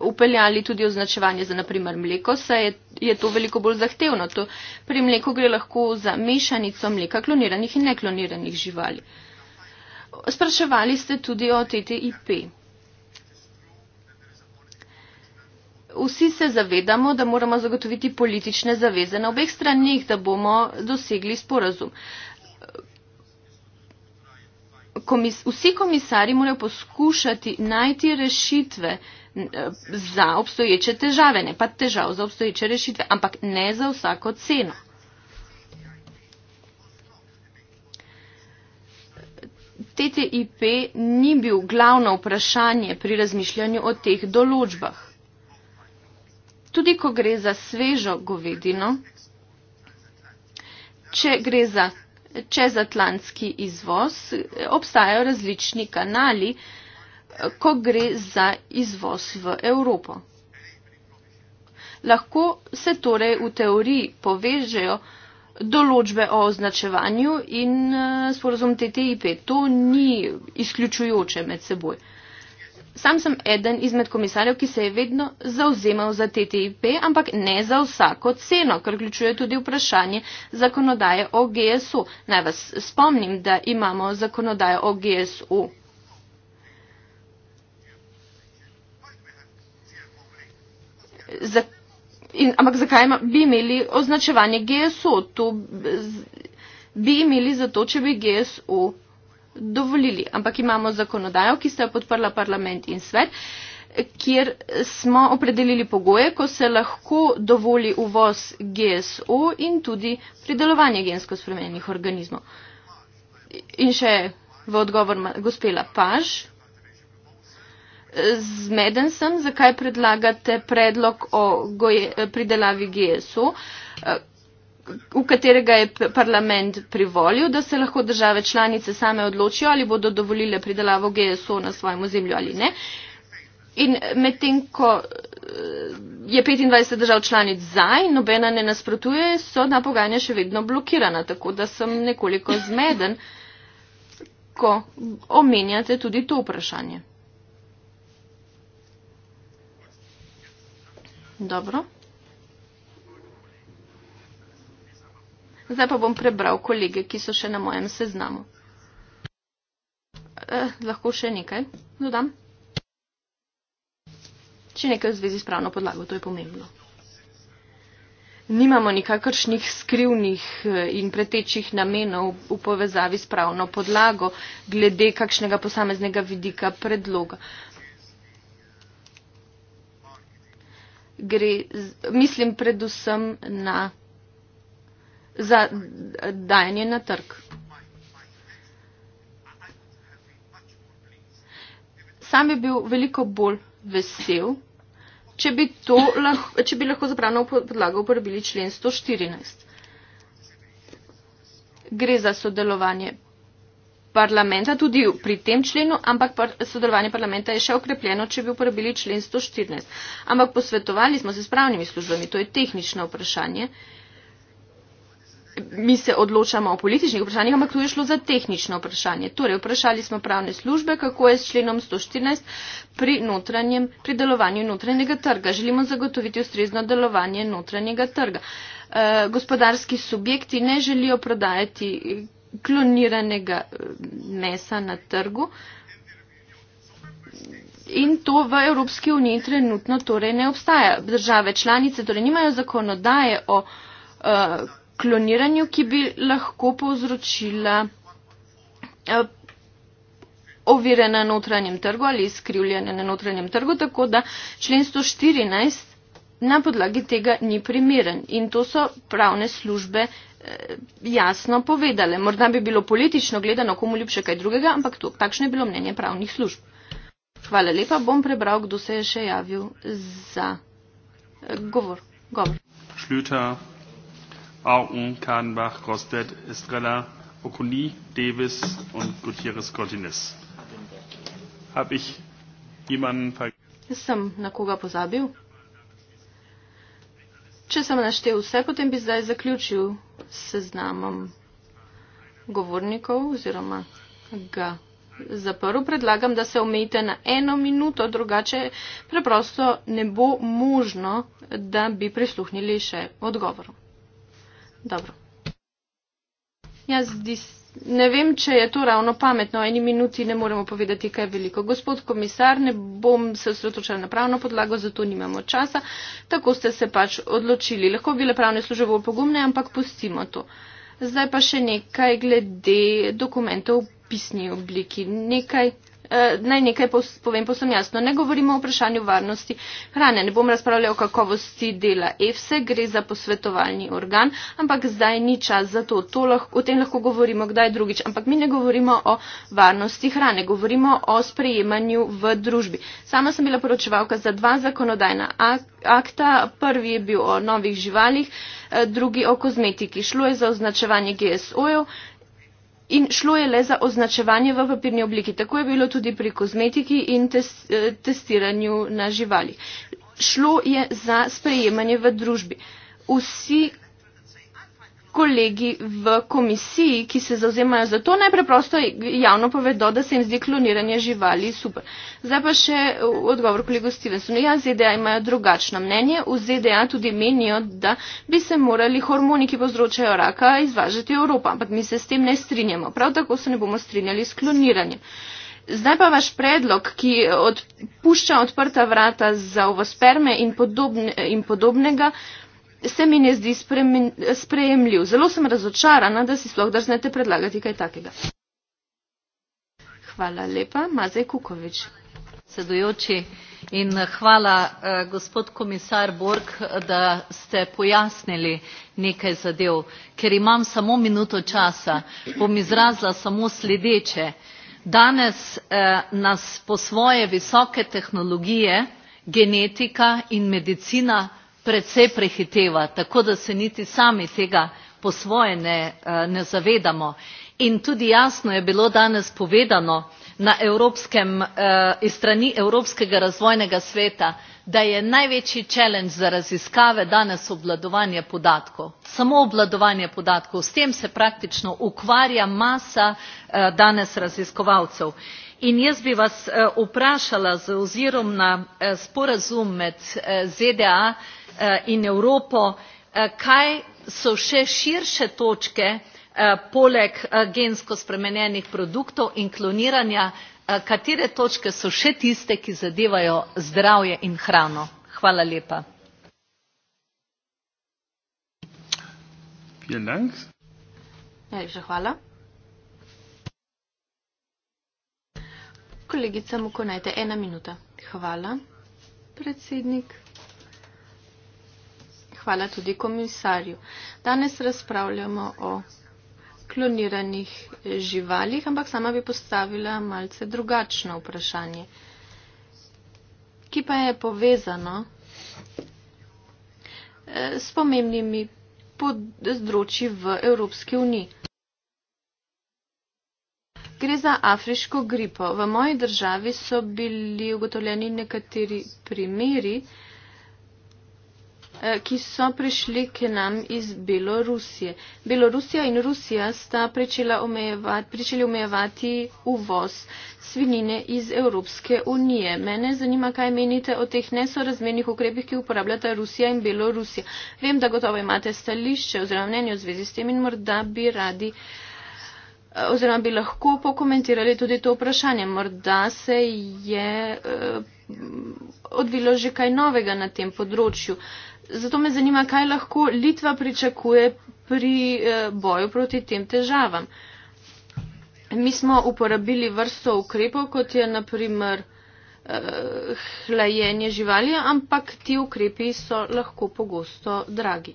upeljali tudi označevanje za naprimer mleko, saj je, je to veliko bolj zahtevno. To pri mleku gre lahko za mešanico mleka kloniranih in nekloniranih živali. Spraševali ste tudi o TTIP. vsi se zavedamo, da moramo zagotoviti politične zaveze na obeh stranih, da bomo dosegli sporazum. Komis, vsi komisari morajo poskušati najti rešitve eh, za obstoječe težave, ne pa težav za obstoječe rešitve, ampak ne za vsako ceno. TTIP ni bil glavno vprašanje pri razmišljanju o teh določbah tudi ko gre za svežo govedino, če gre za čezatlantski izvoz, obstajajo različni kanali, ko gre za izvoz v Evropo. Lahko se torej v teoriji povežejo določbe o označevanju in eh, sporozum TTIP. To ni izključujoče med seboj. Sam sem eden izmed komisarjev, ki se je vedno zauzemal za TTIP, ampak ne za vsako ceno, kar vključuje tudi vprašanje zakonodaje o GSU. Naj vas spomnim, da imamo zakonodajo o GSU. Za, in, ampak zakaj ima, bi imeli označevanje GSU? Tu bi imeli zato, če bi GSU dovolili, ampak imamo zakonodajo, ki sta jo podprla parlament in svet, kjer smo opredelili pogoje, ko se lahko dovoli uvoz GSO in tudi pridelovanje gensko spremenjenih organizmov. In še v odgovor gospela Paž. Zmeden sem, zakaj predlagate predlog o goje, pridelavi GSO v katerega je parlament privolil, da se lahko države članice same odločijo, ali bodo dovolile pridelavo GSO na svojem ozemlju ali ne. In eh, medtem, ko eh, je 25 držav članic za in nobena ne nasprotuje, so na pogajanja še vedno blokirana, tako da sem nekoliko zmeden, ko omenjate tudi to vprašanje. Dobro. Zdaj pa bom prebral kolege, ki so še na mojem seznamu. Eh, lahko še nekaj dodam. Če nekaj v zvezi s pravno podlago, to je pomembno. Nimamo nikakršnih skrivnih eh, in pretečih namenov v povezavi s pravno podlago glede kakšnega posameznega vidika predloga. Gre, mislim predvsem na za dajanje na trg. Sam bi bil veliko bolj vesel, če bi, to lahko, če bi lahko za pravno podlago uporabili člen 114. Gre za sodelovanje parlamenta tudi pri tem členu, ampak par sodelovanje parlamenta je še okrepljeno, če bi uporabili člen 114. Ampak posvetovali smo se s pravnimi službami, to je tehnično vprašanje. Uh, mi se odločamo o političnih vprašanjih, ampak tu je šlo za tehnično vprašanje. Torej, vprašali smo pravne službe, kako je s členom 114 pri, notranjem, pri delovanju notranjega trga. Želimo zagotoviti ustrezno delovanje notranjega trga. E, gospodarski subjekti ne želijo prodajati eh, kloniranega eh, mesa na trgu. In to v Evropski uniji trenutno torej ne obstaja. Države članice torej nimajo zakonodaje o uh, kloniranju, ki bi lahko povzročila eh, ovire na notranjem trgu ali skrivljanje na notranjem trgu, tako da člen 114 na podlagi tega ni primeren. In to so pravne službe eh, jasno povedale. Morda bi bilo politično gledano komu ljubše kaj drugega, ampak to, takšno je bilo mnenje pravnih služb. Hvala lepa, bom prebral, kdo se je še javil za eh, govor. govor. Šljuča, Auken, Kadenbach, Rostedt, Estrella, Okuni, Davis und Gutierrez Cortines. Habe ich jemanden vergessen? Če sem naštel vse, potem bi zdaj zaključil s seznamom govornikov oziroma ga zaprl. Predlagam, da se omejite na eno minuto, drugače preprosto ne bo možno, da bi prisluhnili še odgovorom. Dobro. Jaz dis, ne vem, če je to ravno pametno. V eni minuti ne moremo povedati, kaj je veliko. Gospod komisar, ne bom se osredotočila na pravno podlago, zato nimamo časa. Tako ste se pač odločili. Lahko bi bile pravne službe bolj pogumne, ampak pustimo to. Zdaj pa še nekaj glede dokumentov v pisni obliki. Nekaj Eh, naj nekaj povem posem jasno. Ne govorimo o vprašanju varnosti hrane, ne bom razpravljal o kakovosti dela EFSE, gre za posvetovalni organ, ampak zdaj ni čas za to. to lahko, o tem lahko govorimo kdaj drugič, ampak mi ne govorimo o varnosti hrane, govorimo o sprejemanju v družbi. Sama sem bila poročevalka za dva zakonodajna akta. Prvi je bil o novih živalih, eh, drugi o kozmetiki. Šlo je za označevanje GSO-jev in šlo je le za označevanje v papirni obliki. Tako je bilo tudi pri kozmetiki in tes, eh, testiranju na živalih. Šlo je za sprejemanje v družbi. Vsi kolegi v komisiji, ki se zauzemajo za to, naj preprosto javno povedo, da se jim zdi kloniranje živali super. Zdaj pa še odgovor kolegu Stevensonu. Ja, ZDA imajo drugačno mnenje. V ZDA tudi menijo, da bi se morali hormoni, ki povzročajo raka, izvažati v Evropo, ampak mi se s tem ne strinjamo. Prav tako se ne bomo strinjali s kloniranjem. Zdaj pa vaš predlog, ki odpušča odprta vrata za ovosperme in, podobne, in podobnega se mi ne zdi sprejemljiv. Zelo sem razočarana, da si sploh drznete predlagati kaj takega. Hvala lepa. Mazej Kukovič. Sedujoči in eh, hvala eh, gospod komisar Borg, da ste pojasnili nekaj zadev. Ker imam samo minuto časa, bom izrazila samo sledeče. Danes eh, nas po svoje visoke tehnologije, genetika in medicina precej prehiteva tako da se niti sami tega po svoje ne, eh, ne zavedamo. in tudi jasno je bilo danes povedano na evropskem, eh, iz strani evropskega razvojnega sveta da je največji challenge za raziskave danes obvladovanje podatkov samo obvladovanje podatkov s tem se praktično ukvarja masa eh, danes raziskovalcev in jaz bi vas eh, vprašala z ozirom na eh, sporazum med eh, zda in evropo kaj so še širše točke poleg gensko spremenjenih produktov in kloniranja katere točke so še tiste ki zadevajo zdravje in hrano hvala lepa najlepša hvala kolegica mu konajte ena minuta. Hvala, predsednik. Hvala tudi komisarju. Danes razpravljamo o kloniranih živalih, ampak sama bi postavila malce drugačno vprašanje, ki pa je povezano eh, s pomembnimi področji v Evropski uniji. Gre za afriško gripo. V moji državi so bili ugotovljeni nekateri primeri, eh, ki so prišli k nam iz Belorusije. Belorusija in Rusija sta omejevati, pričeli omejevati uvoz svinine iz Evropske unije. Mene zanima, kaj menite o teh nesorazmernih ukrepih, ki uporabljata Rusija in Belorusija. Vem, da gotovo imate stališče oziroma mnenje v zvezi s tem in morda bi radi uh, oziroma bi lahko pokomentirali tudi to vprašanje. Morda se je eh, odvilo že kaj novega na tem področju. Zato me zanima, kaj lahko Litva pričakuje pri eh, boju proti tem težavam. Mi smo uporabili vrsto ukrepov, kot je naprimer eh, hlajenje živali, ampak ti ukrepi so lahko pogosto dragi.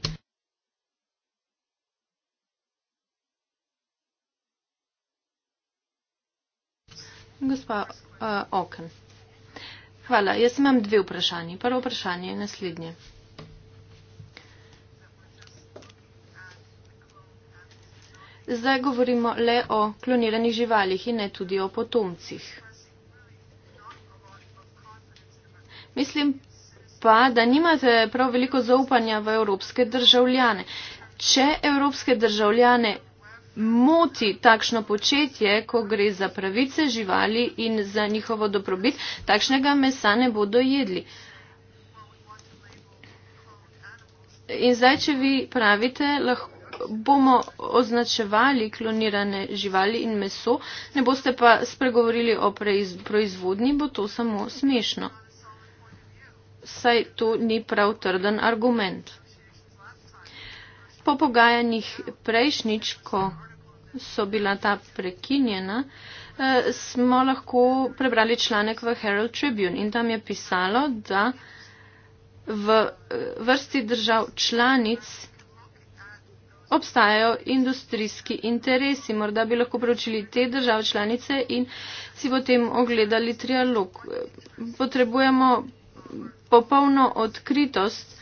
Gospa uh, Oken. Hvala. Jaz imam dve vprašanje. Prvo vprašanje je naslednje. Zdaj govorimo le o kloniranih živalih in ne tudi o potomcih. Mislim pa, da nimate prav veliko zaupanja v evropske državljane. Če evropske državljane moti takšno početje, ko gre za pravice živali in za njihovo dobrobit, takšnega mesa ne bodo jedli. In zdaj, če vi pravite, lahko bomo označevali klonirane živali in meso, ne boste pa spregovorili o proizvodnji, bo to samo smešno. Saj to ni prav trden argument. Po pogajanjih prejšnjič, ko so bila ta prekinjena, eh, smo lahko prebrali članek v Herald Tribune in tam je pisalo, da v eh, vrsti držav članic obstajajo industrijski interesi. Morda bi lahko preučili te držav članice in si potem ogledali trialog. Potrebujemo popolno odkritost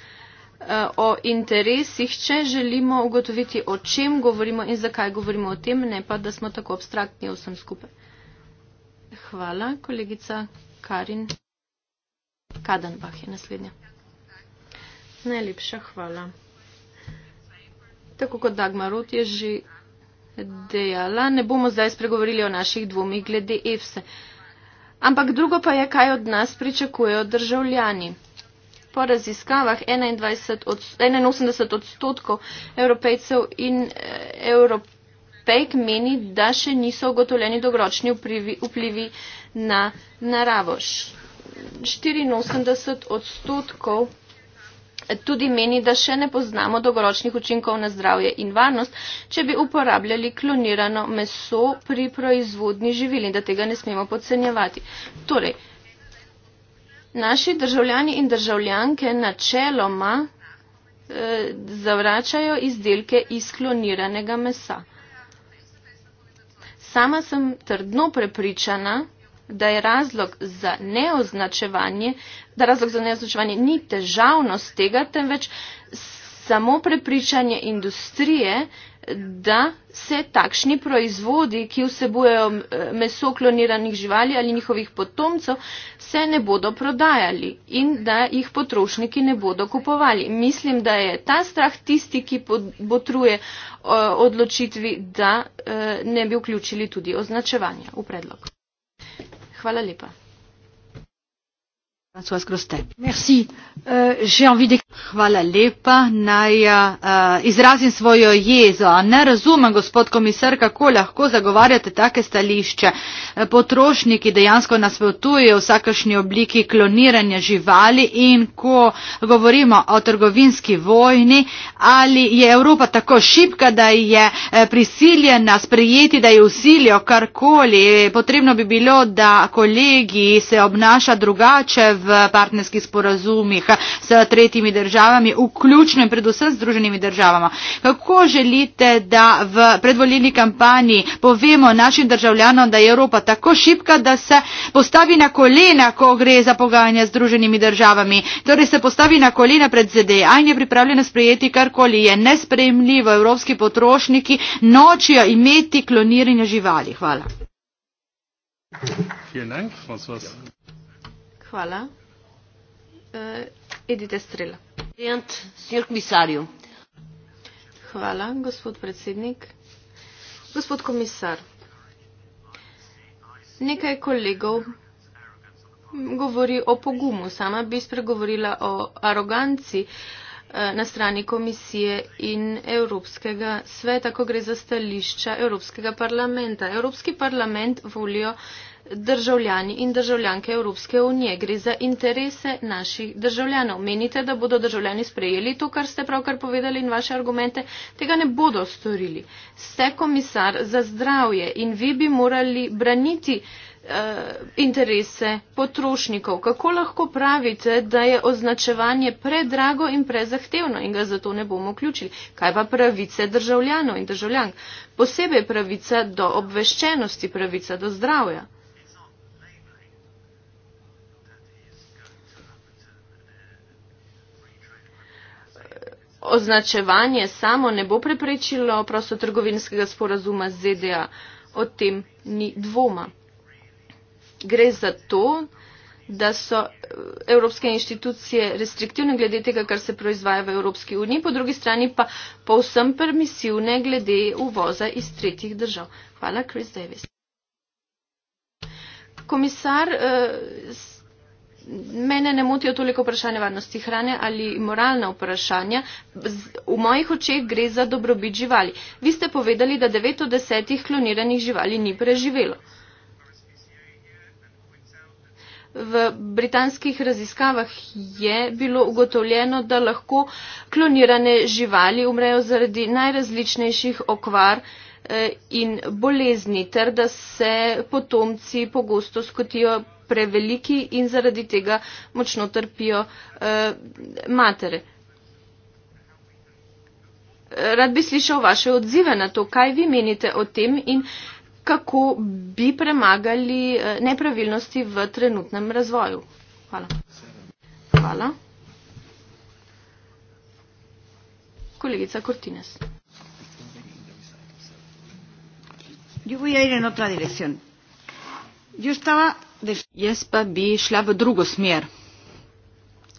o interesih, če želimo ugotoviti, o čem govorimo in zakaj govorimo o tem, ne pa, da smo tako abstraktni vsem skupaj. Hvala, kolegica Karin. Kadenbach je naslednja. Najlepša hvala. Tako kot Dagmar Rot je že dejala, ne bomo zdaj spregovorili o naših dvomih glede EFSE. Ampak drugo pa je, kaj od nas pričakujejo državljani po raziskavah 21 od, 81 odstotkov evropejcev in eh, evropejk meni, da še niso ugotovljeni dogročni vplivi, vplivi na naravo. 84 odstotkov eh, tudi meni, da še ne poznamo dogoročnih učinkov na zdravje in varnost, če bi uporabljali klonirano meso pri proizvodni živili, da tega ne smemo podcenjevati. Torej, naši državljani in državljanke načeloma eh, zavračajo izdelke iz kloniranega mesa. Sama sem trdno prepričana, da je razlog za neoznačevanje, da razlog za neoznačevanje ni težavnost tega, temveč samo prepričanje industrije, da se takšni proizvodi, ki vsebujejo meso kloniranih živali ali njihovih potomcev, se ne bodo prodajali in da jih potrošniki ne bodo kupovali. Mislim, da je ta strah tisti, ki potruje eh, odločitvi, da eh, ne bi vključili tudi označevanja v predlog. Hvala lepa. Euh, Hvala lepa. Naj uh, uh izrazim svojo jezo. Ne razumem, gospod komisar, kako lahko zagovarjate take stališče. Eh, potrošniki dejansko nasvetujejo vsakašnji obliki kloniranja živali in ko govorimo o trgovinski vojni, ali je Evropa tako šipka, da je eh, prisiljena sprejeti, da je usiljo karkoli. Potrebno bi bilo, da kolegi se obnaša drugače v partnerskih sporazumih s tretjimi državami, vključno in predvsem z druženimi državama. Kako želite, da v predvoljeni kampanji povemo našim državljanom, da je Evropa tako šipka, da se postavi na kolena, ko gre za pogajanja z druženimi državami, torej se postavi na kolena pred ZDA in je pripravljena sprejeti karkoli je nespremljivo, evropski potrošniki nočijo imeti kloniranje živali. Hvala. Vielen Dank, François. Hvala. Uh, e, Edite strela. Hvala, gospod predsednik. Gospod komisar, nekaj kolegov govori o pogumu. Sama bi spregovorila o aroganci e, na strani komisije in Evropskega sveta, ko gre za stališča Evropskega parlamenta. Evropski parlament volijo državljani in državljanke Evropske unije, gre za interese naših državljanov. Menite, da bodo državljani sprejeli to, kar ste pravkar povedali in vaše argumente, tega ne bodo storili. Ste komisar za zdravje in vi bi morali braniti eh, interese potrošnikov. Kako lahko pravite, da je označevanje predrago in prezahtevno in ga zato ne bomo vključili? Kaj pa pravice državljanov in državljank? Posebej pravica do obveščenosti, pravica do zdravja. označevanje samo ne bo preprečilo prostotrgovinskega sporazuma z ZDA. O tem ni dvoma. Gre za to, da so eh, evropske inštitucije restriktivne glede tega, kar se proizvaja v Evropski uniji, po drugi strani pa povsem permisivne glede uvoza iz tretjih držav. Hvala, Chris Davis. Komisar uh, mene ne motijo toliko vprašanja varnosti hrane ali moralna vprašanja. V mojih očeh gre za dobrobit živali. Vi ste povedali, da 9 od 10 kloniranih živali ni preživelo. V britanskih raziskavah je bilo ugotovljeno, da lahko klonirane živali umrejo zaradi najrazličnejših okvar eh, in bolezni, ter da se potomci pogosto skotijo preveliki in zaradi tega močno trpijo eh, matere. Rad bi slišal vaše odzive na to, kaj vi menite o tem in kako bi premagali eh, nepravilnosti v trenutnem razvoju. Hvala. Hvala. Kolegica Cortines. Yo voy a ir en otra dirección. Yo estaba Jaz pa bi šla v drugo smer.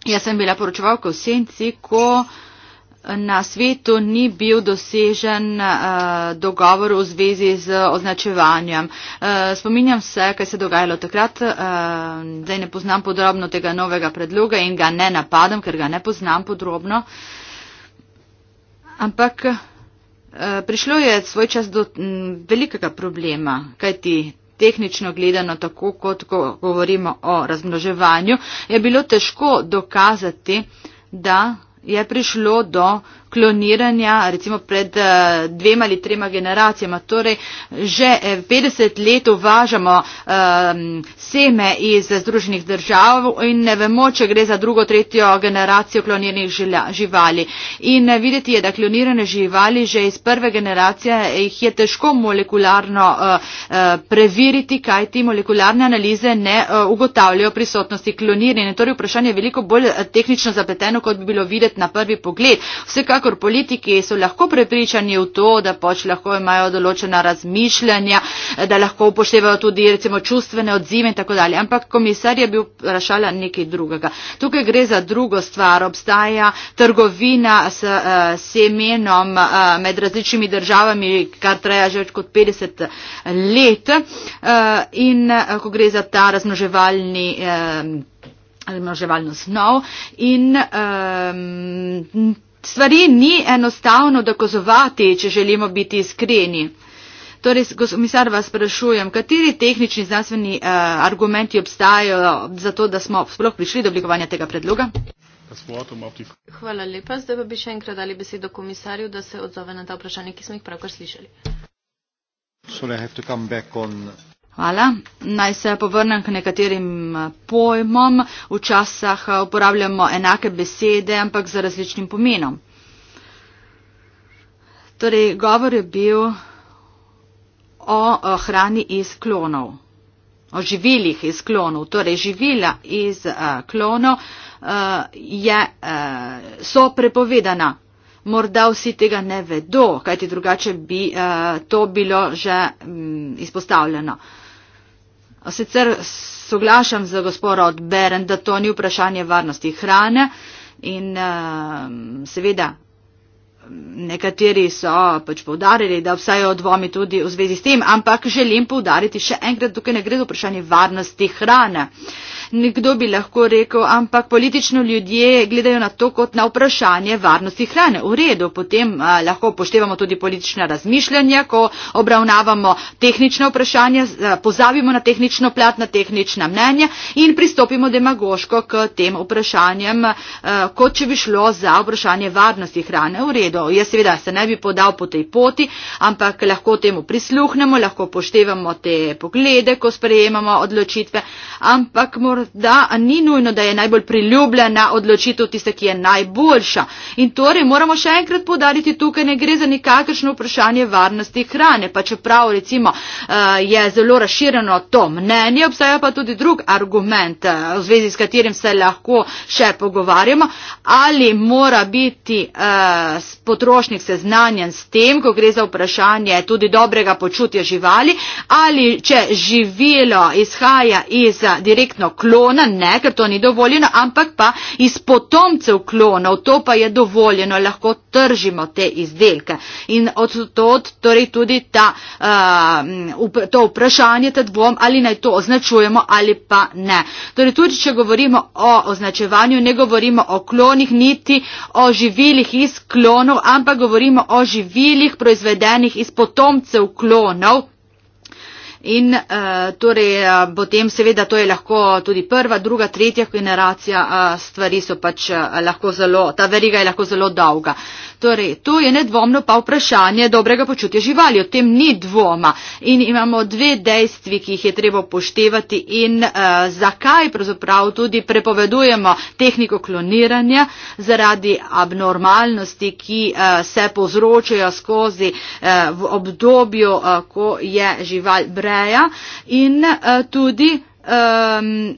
Jaz sem bila poročevalka v senci, ko na svetu ni bil dosežen uh, dogovor v zvezi z označevanjem. Uh, spominjam se, kaj se je dogajalo takrat. Uh, zdaj ne poznam podrobno tega novega predloga in ga ne napadam, ker ga ne poznam podrobno. Ampak uh, prišlo je svoj čas do m, velikega problema, kaj ti tehnično gledano, tako kot ko govorimo o razmnoževanju, je bilo težko dokazati, da je prišlo do kloniranja, recimo pred eh, dvema ali trema generacijama. Torej, že 50 eh, let uvažamo um, seme iz Združenih držav in ne vemo, če gre za drugo, tretjo generacijo kloniranih živali. In eh, videti je, da klonirane živali že iz prve generacije jih je težko molekularno uh, preveriti, kaj ti molekularne analize ne uh, ugotavljajo prisotnosti kloniranja. Torej, vprašanje je veliko bolj tehnično zapleteno, kot bi bilo videti na prvi pogled. Vsekaj vsekakor politiki so lahko prepričani v to, da pač lahko imajo določena razmišljanja, da lahko upoštevajo tudi recimo čustvene odzive in tako dalje. Ampak komisar je bil vprašala nekaj drugega. Tukaj gre za drugo stvar. Obstaja trgovina s uh, semenom uh, med različnimi državami, kar traja že več kot 50 eh, let. Uh, in uh, ko gre za ta razmnoževalni. Uh, ali množevalno snov in um, stvari ni enostavno dokazovati, če želimo biti iskreni. Torej, komisar, vas sprašujem, kateri tehnični znanstveni eh, argumenti obstajajo za to, da smo sploh prišli do oblikovanja tega predloga? Hvala lepa. Zdaj pa bi še enkrat dali besedo komisarju, da se odzove na ta vprašanja, ki smo jih pravkar slišali. Sorry, I have to come back on Hvala. Naj se povrnem k nekaterim eh, pojmom. Včasih eh, uporabljamo enake besede, ampak za različnim pomenom. Torej, govor je bil o eh, hrani iz klonov, o živilih iz klonov. Torej, živila iz klonov je, so prepovedana. Morda vsi tega ne vedo, kajti drugače bi to bilo že mm, izpostavljeno. Sicer soglašam z gospodo odberen, da to ni vprašanje varnosti hrane in ehm, seveda nekateri so pač povdarili, da vsaj o dvomi tudi v zvezi s tem, ampak želim povdariti še enkrat, tukaj ne gre za vprašanje varnosti hrane. Nekdo bi lahko rekel, ampak politično ljudje gledajo na to kot na vprašanje varnosti hrane. V redu, potem a, eh, lahko poštevamo tudi politična razmišljanja, ko obravnavamo tehnične vprašanja, a, eh, pozabimo na tehnično plat, na tehnična mnenja in pristopimo demagoško k tem vprašanjem, a, eh, kot če bi šlo za vprašanje varnosti hrane. V redu, do. Jaz seveda se ne bi podal po tej poti, ampak lahko temu prisluhnemo, lahko poštevamo te poglede, ko sprejemamo odločitve, ampak morda ni nujno, da je najbolj priljubljena odločitev tista, ki je najboljša. In torej moramo še enkrat podariti, tukaj ne gre za nikakršno vprašanje varnosti hrane, pa čeprav recimo eh, je zelo razširjeno to mnenje, obstaja pa tudi drug argument, eh, v zvezi s katerim se lahko še pogovarjamo, ali mora biti uh, potrošnik seznanjen s tem, ko gre za vprašanje tudi dobrega počutja živali, ali če živilo izhaja iz eh, direktno klona, ne, ker to ni dovoljeno, ampak pa iz potomcev klonov, to pa je dovoljeno, lahko tržimo te izdelke. In od tod torej tudi ta, uh, up, to vprašanje, ta dvom, ali naj to označujemo ali pa ne. Torej tudi, če govorimo o označevanju, ne govorimo o klonih, niti o živilih iz klonov, ampak govorimo o živilih proizvedenih iz potomcev klonov. In uh, torej, uh, potem seveda to je lahko tudi prva, druga, tretja generacija uh, stvari so pač uh, lahko zelo, ta veriga je lahko zelo dolga. Uh, Torej, to je nedvomno pa vprašanje dobrega počutja živali, o tem ni dvoma. In imamo dve dejstvi, ki jih je treba poštevati in uh, zakaj pravzaprav tudi prepovedujemo tehniko kloniranja zaradi abnormalnosti, ki uh, se povzročajo skozi uh, v obdobju, uh, ko je žival breja in uh, tudi um,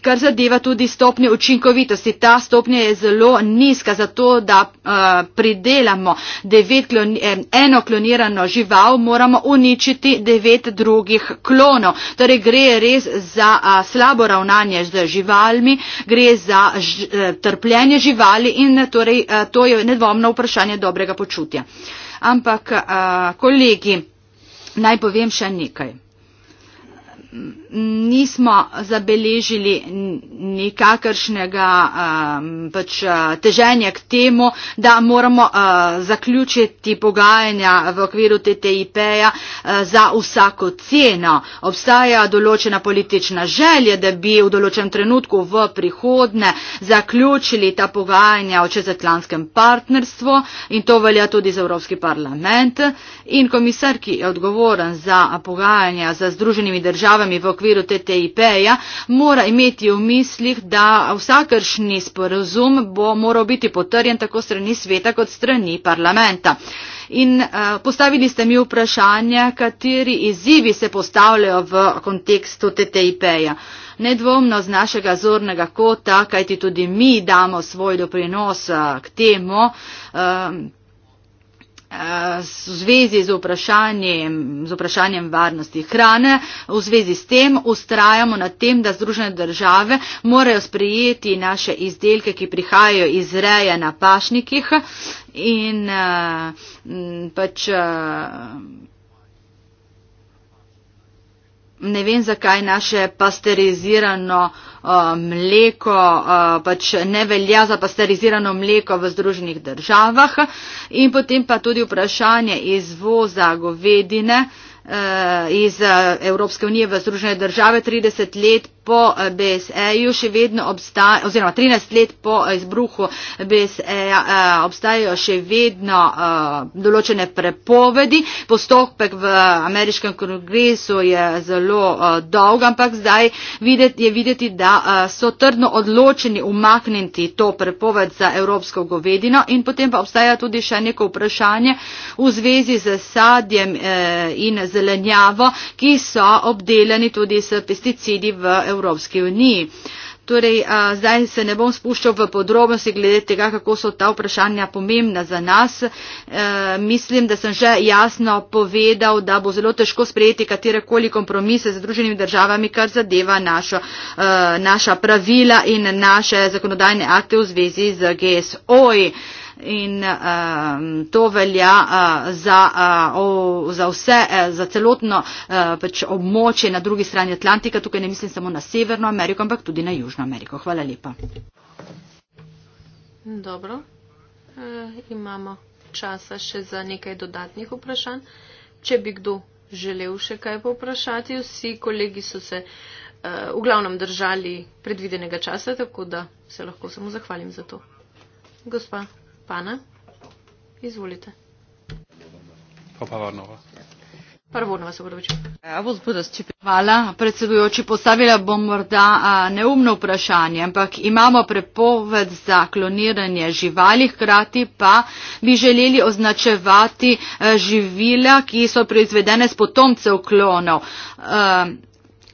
kar zadeva tudi stopnje učinkovitosti. Ta stopnja je zelo nizka, zato da uh, pridelamo kloni, eh, eno klonirano žival, moramo uničiti devet drugih klonov. Torej gre res za uh, slabo ravnanje z živalmi, gre za ž, uh, trpljenje živali in torej, uh, to je nedvomno vprašanje dobrega počutja. Ampak, uh, kolegi, naj povem še nekaj. Uh, nismo zabeležili nikakršnega pač, eh, teženja k temu, da moramo eh, zaključiti pogajanja v okviru TTIP-ja eh, za vsako ceno. Obstaja določena politična želja, da bi v določenem trenutku v prihodne zaključili ta pogajanja o čezatlantskem partnerstvu in to velja tudi za Evropski parlament. In komisar, ki je odgovoren za pogajanja za združenimi državami v okviru okviru TTIP-ja, mora imeti v mislih, da vsakršni sporozum bo moral biti potrjen tako strani sveta kot strani parlamenta. In uh, postavili ste mi vprašanje, kateri izzivi se postavljajo v kontekstu TTIP-ja. Nedvomno z našega zornega kota, kajti tudi mi damo svoj doprinos eh, k temu, uh, v zvezi z vprašanjem, z vprašanjem varnosti hrane. V zvezi s tem ustrajamo na tem, da Združene države morajo sprejeti naše izdelke, ki prihajajo iz reje na pašnikih in eh, pač eh, Ne vem, zakaj naše pasterizirano uh, mleko uh, pač ne velja za pasterizirano mleko v Združenih državah. In potem pa tudi vprašanje izvoza govedine uh, iz uh, Evropske unije v Združene države 30 let po eh, BSE-ju še vedno obstajajo, oziroma 13 let po eh, izbruhu BSE-ja eh, obstajajo še vedno določene prepovedi. Postopek v ameriškem kongresu je zelo dolg, ampak zdaj je videti, da so trdno odločeni umakniti to prepoved za evropsko govedino in potem pa obstaja tudi še neko vprašanje v zvezi z sadjem in zelenjavo, ki so obdelani tudi s pesticidi v Evropi. Evropski uniji. Torej, a, zdaj se ne bom spuščal v podrobnosti glede tega, kako so ta vprašanja pomembna za nas. E, mislim, da sem že jasno povedal, da bo zelo težko sprejeti katerekoli kompromise z druženimi državami, kar zadeva našo, e, naša pravila in naše zakonodajne akte v zvezi z GSO. -i in um, to velja uh, za, uh, o, za vse, uh, za celotno uh, pač območje na drugi strani Atlantika. Tukaj ne mislim samo na Severno Ameriko, ampak tudi na Južno Ameriko. Hvala lepa. Dobro. E, imamo časa še za nekaj dodatnih vprašanj. Če bi kdo želel še kaj povprašati, vsi kolegi so se e, v glavnem držali predvidenega časa, tako da se lahko samo zahvalim za to. Gospa. Pana, izvolite. Papavarnova. Ja, Hvala, predsedujoči. Postavila bom morda neumno vprašanje, ampak imamo prepoved za kloniranje živali, hkrati pa bi želeli označevati e, živila, ki so proizvedene s potomcev klonov. E,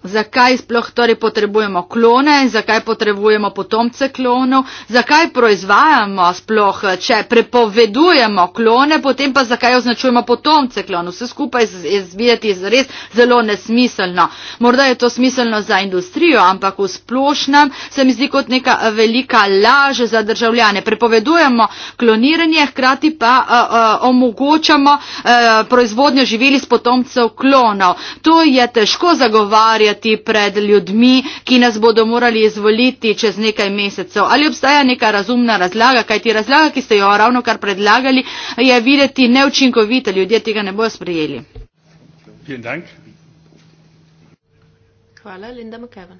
zakaj sploh torej potrebujemo klone, zakaj potrebujemo potomce klonov, zakaj proizvajamo sploh, če prepovedujemo klone, potem pa zakaj označujemo potomce klonov. Vse skupaj je zvideti res zelo nesmiselno. Morda je to smiselno za industrijo, ampak v splošnem se mi zdi kot neka eh, velika laž za državljane. Prepovedujemo kloniranje, hkrati pa a, eh, a, eh, omogočamo a, proizvodnjo živili s potomcev klonov. To je težko zagovarjati predvajati pred ljudmi, ki nas bodo morali izvoliti čez nekaj mesecev. Ali obstaja neka razumna razlaga, kajti razlaga, ki ste jo ravno kar predlagali, je videti neučinkovita, ljudje tega ne bodo sprejeli. Hvala, Linda McKevan.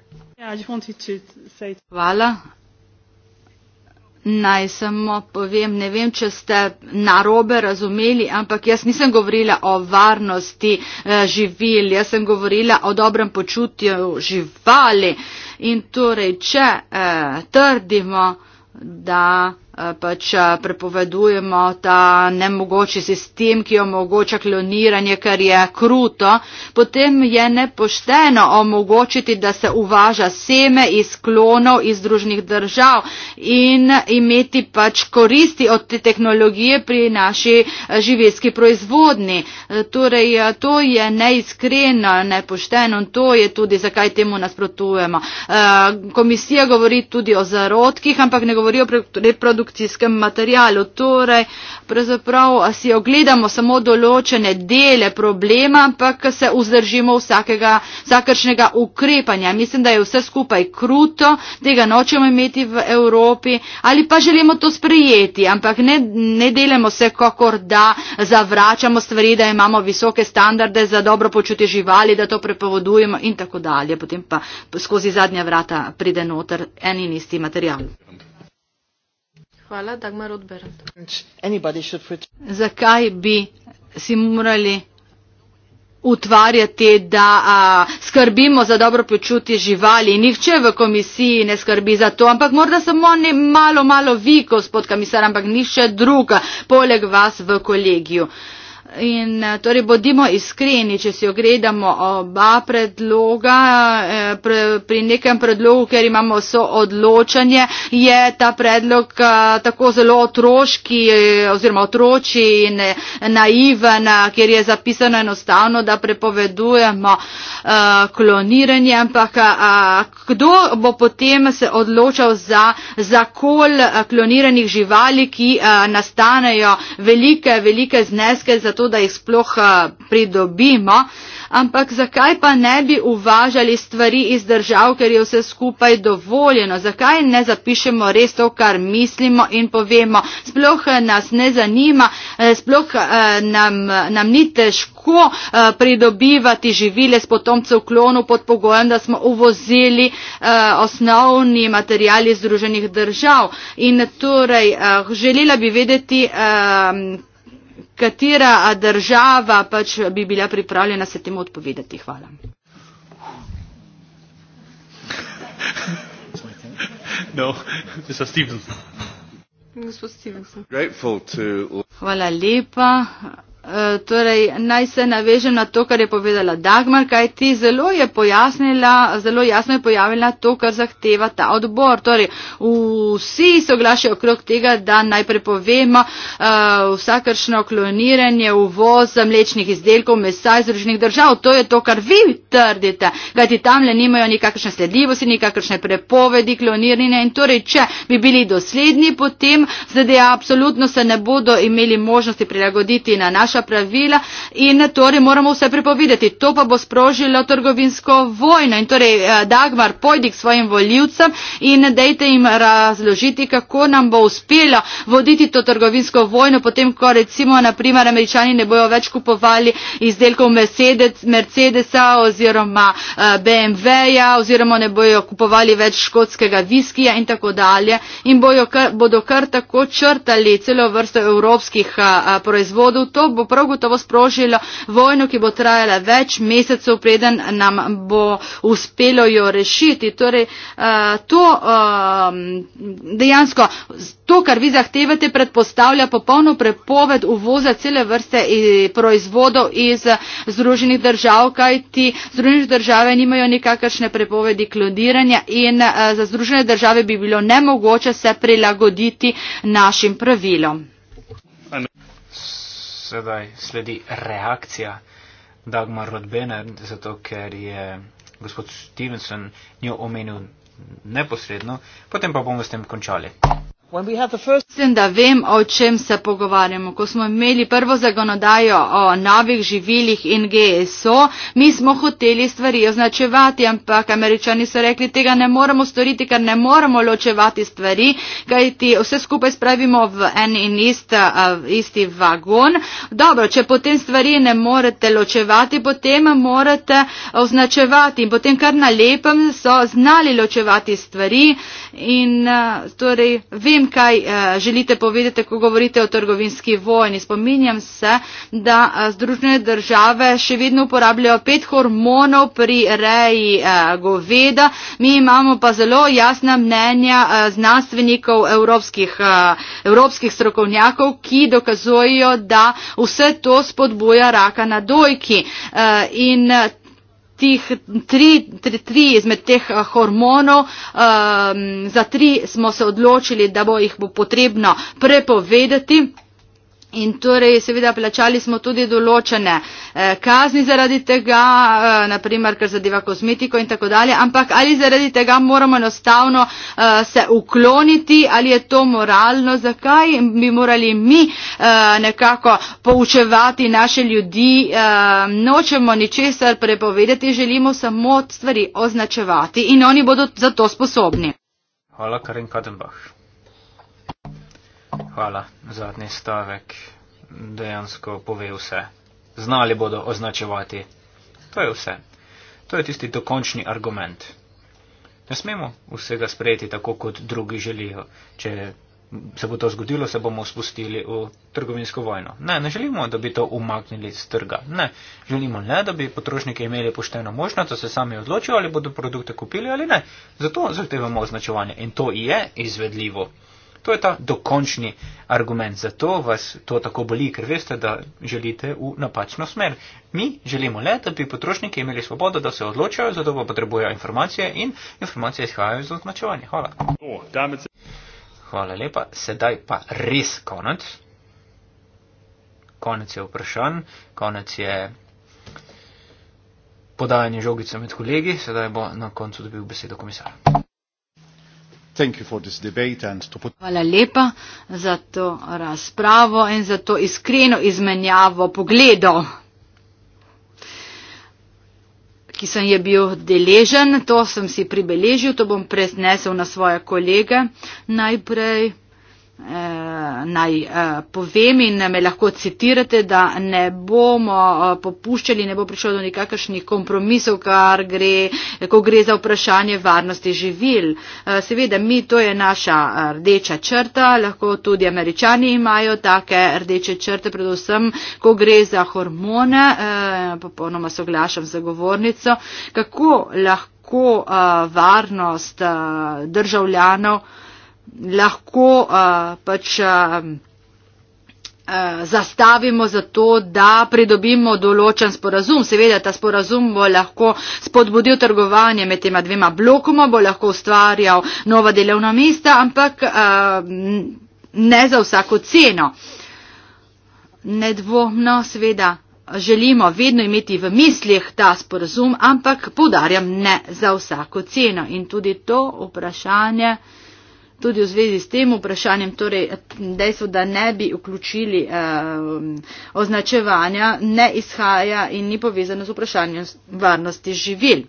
Hvala. Naj samo povem, ne vem, če ste narobe razumeli, ampak jaz nisem govorila o varnosti eh, živil, jaz sem govorila o dobrem počutju živali. In torej, če eh, trdimo, da. Eh, pač eh, prepovedujemo ta nemogoči sistem, ki omogoča kloniranje, kar je kruto, potem je nepošteno omogočiti, da se uvaža seme iz klonov iz družnih držav in imeti pač koristi od te tehnologije pri naši eh, živeski proizvodni. Torej, to je neiskreno, nepošteno in to je tudi, zakaj temu nasprotujemo. Komisija govori tudi o zarodkih, ampak ne govori o reproduktivnosti reprodukcijskem materialu. Torej, pravzaprav si ogledamo samo določene dele problema, ampak se vzdržimo vsakega, vsakršnega ukrepanja. Mislim, da je vse skupaj kruto, tega nočemo imeti v Evropi ali pa želimo to sprijeti, ampak ne, ne delamo se, kakor da zavračamo stvari, da imamo visoke standarde za dobro počutje živali, da to prepovedujemo in tako dalje. Potem pa skozi zadnja vrata pride noter en in isti material. Thank you. Hvala, Dagmar Odberant. Zakaj bi si morali utvarjati, da a, skrbimo za dobro počutje živali. Nihče v komisiji ne skrbi za to, ampak morda samo ne malo, malo vi, gospod komisar, ampak nihče druga, poleg vas v kolegiju. In eh, torej bodimo iskreni, če si ogledamo oba predloga. Eh, pri nekem predlogu, ker imamo vso odločanje, je ta predlog eh, tako zelo otroški oziroma otroči in naiven, ker je zapisano enostavno, da prepovedujemo kloniranje. Ampak kdo bo potem se odločal za zakol kloniranih živali, ki nastanejo velike, velike zneske? Zato to, da jih sploh eh, pridobimo, ampak zakaj pa ne bi uvažali stvari iz držav, ker je vse skupaj dovoljeno? Zakaj ne zapišemo res to, kar mislimo in povemo? Sploh eh, nas ne zanima, eh, sploh nam, nam ni težko pridobivati živile s potomcev klonu pod pogojem, da smo uvozili osnovni materiali iz druženih držav. In torej, želela bi vedeti, katera država pač bi bila pripravljena se temu odpovedati. Hvala. No, Mr. Stevenson. Gospod Stevenson. Hvala lepa. Eh, torej naj se navežem na to, kar je povedala Dagmar, kaj ti zelo je pojasnila, zelo jasno je pojavila to, kar zahteva ta odbor. Torej, vsi se oglašajo okrog tega, da naj prepovemo uh, vsakršno kloniranje, uvoz mlečnih izdelkov, mesa iz družnih držav. To je to, kar vi trdite, kaj ti tam le nimajo nikakršne sledljivosti, nikakršne prepovedi kloniranja. In torej, če bi bili dosledni, potem ZDA absolutno se ne bodo imeli možnosti prilagoditi na naš naša pravila in torej moramo vse prepovedati. To pa bo sprožilo trgovinsko vojno in torej eh, Dagmar pojdi k svojim voljivcem in dejte jim razložiti, kako nam bo uspelo voditi to trgovinsko vojno, potem ko recimo na primer američani ne bojo več kupovali izdelkov Mercedesa oziroma eh, BMW-ja oziroma ne bojo kupovali več škotskega viskija in tako dalje in bojo, bodo kar tako črtali celo vrsto evropskih eh, proizvodov bo prav gotovo sprožilo vojno, ki bo trajala več mesecev, preden nam bo uspelo jo rešiti. Torej, eh, to, ehm, dejansko, to, kar vi zahtevate, predpostavlja popolno prepoved uvoza cele vrste eh, proizvodov iz Združenih držav, kajti Združene države nimajo nekakršne prepovedi klodiranja in eh, za Združene države bi bilo nemogoče se prilagoditi našim pravilom. Amen sedaj sledi reakcija Dagmar Rodbene, zato ker je gospod Stevenson njo omenil neposredno, potem pa bomo s tem končali. Mislim, da vem, o čem se pogovarjamo. Ko smo imeli prvo zagonodajo o novih živilih in GSO, mi smo hoteli stvari označevati, ampak američani so rekli, tega ne moramo storiti, ker ne moramo ločevati stvari, kajti vse skupaj spravimo v en in ist, eh, isti vagon. Dobro, če potem stvari ne morete ločevati, potem morate označevati. Potem kar na lepem so znali ločevati stvari. In, eh, torej, vem, vem, kaj eh, želite povedati, ko govorite o trgovinski vojni. Spominjam se, da eh, Združene države še vedno uporabljajo pet hormonov pri reji eh, goveda. Mi imamo pa zelo jasna mnenja znanstvenikov, evropskih, evropskih strokovnjakov, ki dokazujejo, da vse to spodboja raka na dojki. In tih tri, tri, tri izmed teh eh, hormonov, um, za tri smo se odločili, da bo jih bo potrebno prepovedati. In torej, seveda, plačali smo tudi določene eh, kazni zaradi tega, eh, naprimer, ker zadeva kozmetiko in tako dalje, ampak ali zaradi tega moramo enostavno eh, se ukloniti, ali je to moralno, zakaj bi morali mi eh, nekako poučevati naše ljudi, eh, nočemo ničesar prepovedati, želimo samo stvari označevati in oni bodo za to sposobni. Hvala, Karin Kadenbach. Hvala. Zadnji stavek dejansko pove vse. Znali bodo označevati. To je vse. To je tisti dokončni argument. Ne smemo vsega sprejeti tako, kot drugi želijo. Če se bo to zgodilo, se bomo spustili v trgovinsko vojno. Ne, ne želimo, da bi to umaknili z trga. Ne, želimo le, da bi potrošniki imeli pošteno možnost, da se sami odločijo, ali bodo produkte kupili ali ne. Zato zahtevamo označevanje. In to je izvedljivo. To je ta dokončni argument. Zato vas to tako boli, ker veste, da želite v napačno smer. Mi želimo le, da bi potrošniki imeli svobodo, da se odločajo, zato pa potrebujejo informacije in informacije izhajajo iz označevanja. Hvala. Hvala lepa. Sedaj pa res konec. Konec je vprašan, konec je podajanje žogice med kolegi, sedaj bo na koncu dobil besedo komisar. Hvala lepa za to razpravo in za to iskreno izmenjavo pogledov, ki sem je bil deležen. To sem si pribeležil, to bom presnesel na svoje kolege najprej naj eh, povem in me lahko citirate, da ne bomo eh, popuščali, ne bo prišlo do nikakršnih kompromisov, kar gre, ko gre za vprašanje varnosti živil. Eh, seveda mi, to je naša rdeča črta, lahko tudi američani imajo take rdeče črte, predvsem, ko gre za hormone, popolnoma soglašam z govornico, kako lahko varnost državljanov lahko uh, pač uh, zastavimo za to, da pridobimo določen sporazum. Seveda, ta sporazum bo lahko spodbudil trgovanje med tema dvema blokoma, bo lahko ustvarjal nova delovna mesta, ampak uh, ne za vsako ceno. Nedvomno, seveda, želimo vedno imeti v mislih ta sporazum, ampak povdarjam, ne za vsako ceno. In tudi to vprašanje tudi v zvezi s tem vprašanjem, torej dejstvo, da ne bi vključili uh, označevanja, ne izhaja in ni povezano z vprašanjem varnosti živil.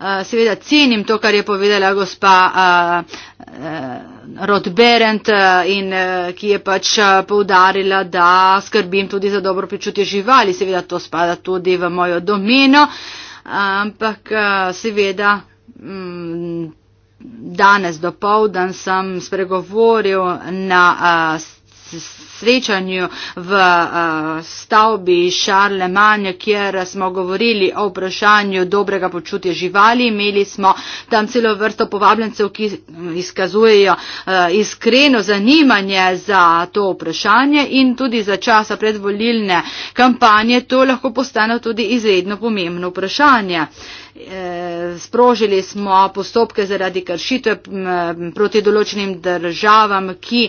Eh, seveda cenim to, kar je povedala gospa eh, eh, Rodberend in ki je pač povdarila, da skrbim tudi za dobro pričutje živali. Seveda to spada tudi v mojo domeno, ampak seveda mm, danes do povdan sem spregovoril na uh, srečanju v eh, stavbi Šarlemanja, kjer smo govorili o vprašanju dobrega počutja živali. Imeli smo tam celo vrsto povabljencev, ki izkazujejo eh, iskreno zanimanje za to vprašanje in tudi za časa predvolilne kampanje. To lahko postane tudi izredno pomembno vprašanje. Eh, sprožili smo postopke zaradi kršitev proti določenim državam, ki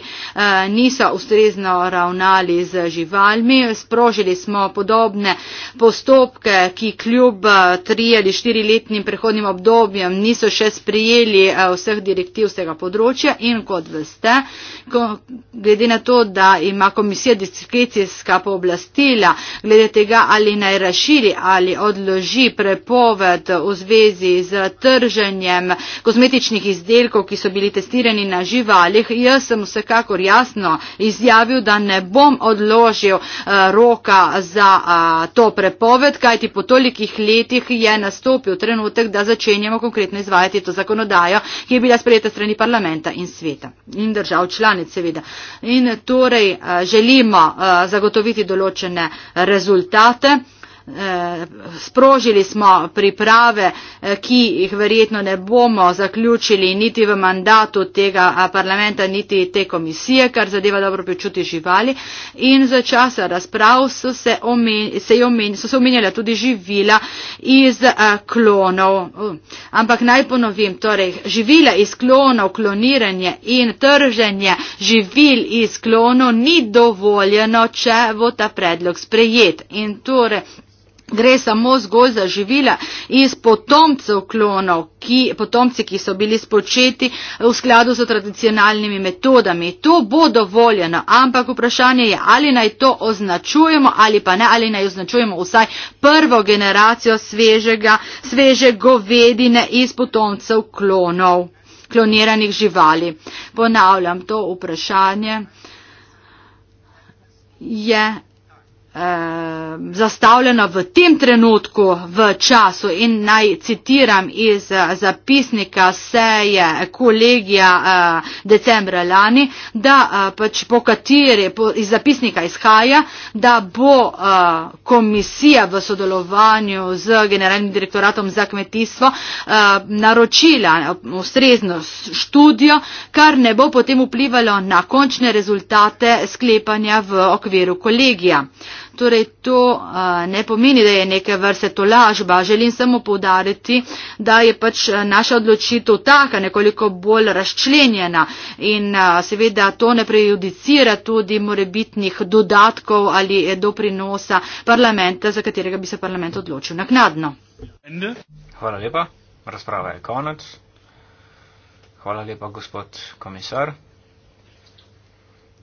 niso ustanovljene ustrezno ravnali z živalmi. Sprožili smo podobne postopke, ki kljub eh, tri ali štiri letnim prehodnim obdobjem niso še sprijeli eh, vseh direktiv vsega področja in kot veste, ko, glede na to, da ima komisija disciplinska pooblastila, glede tega ali naj raširi ali odloži prepoved v zvezi z trženjem kozmetičnih izdelkov, ki so bili testirani na živalih, jaz sem vsekakor jasno iz izjavil, da ne bom odložil eh, roka za eh, to prepoved, kajti po tolikih letih je nastopil trenutek, da začenjamo konkretno izvajati to zakonodajo, ki je bila sprejeta strani parlamenta in sveta in držav članic seveda. In torej eh, želimo zagotoviti določene rezultate. Eh, sprožili smo priprave, eh, ki jih verjetno ne bomo zaključili niti v mandatu tega eh, parlamenta, niti te komisije, kar zadeva dobro počuti živali. In za časa razprav so se, omen, se, omen, so se omenjala tudi živila iz klonov. Ampak naj ponovim, torej živila iz klonov, kloniranje in trženje živil iz klonov ni dovoljeno, če bo ta predlog sprejet. In torej, gre samo zgolj za živila iz potomcev klonov, ki, potomci, ki so bili spočeti v skladu s tradicionalnimi metodami. To bo dovoljeno, ampak vprašanje je, ali naj to označujemo ali pa ne, ali naj označujemo vsaj prvo generacijo svežega, sveže govedine iz potomcev klonov, kloniranih živali. Ponavljam to vprašanje. Je Eh, zastavljena v tem trenutku v času in naj citiram iz eh, zapisnika seje kolegija eh, decembra lani, da pač po kateri po, iz zapisnika izhaja, da bo komisija v sodelovanju z generalnim direktoratom za kmetijstvo naročila ustrezno študijo, kar ne bo potem vplivalo na končne rezultate sklepanja v okviru kolegija. Torej, to uh, ne pomeni, da je neke vrste to lažba. Želim samo povdariti, da je pač naša odločitev taka, nekoliko bolj razčlenjena in uh, seveda to ne prejudicira tudi morebitnih dodatkov ali e, doprinosa parlamenta, za katerega bi se parlament odločil naknadno. Hvala lepa. Razprava je konec. Hvala lepa, gospod komisar.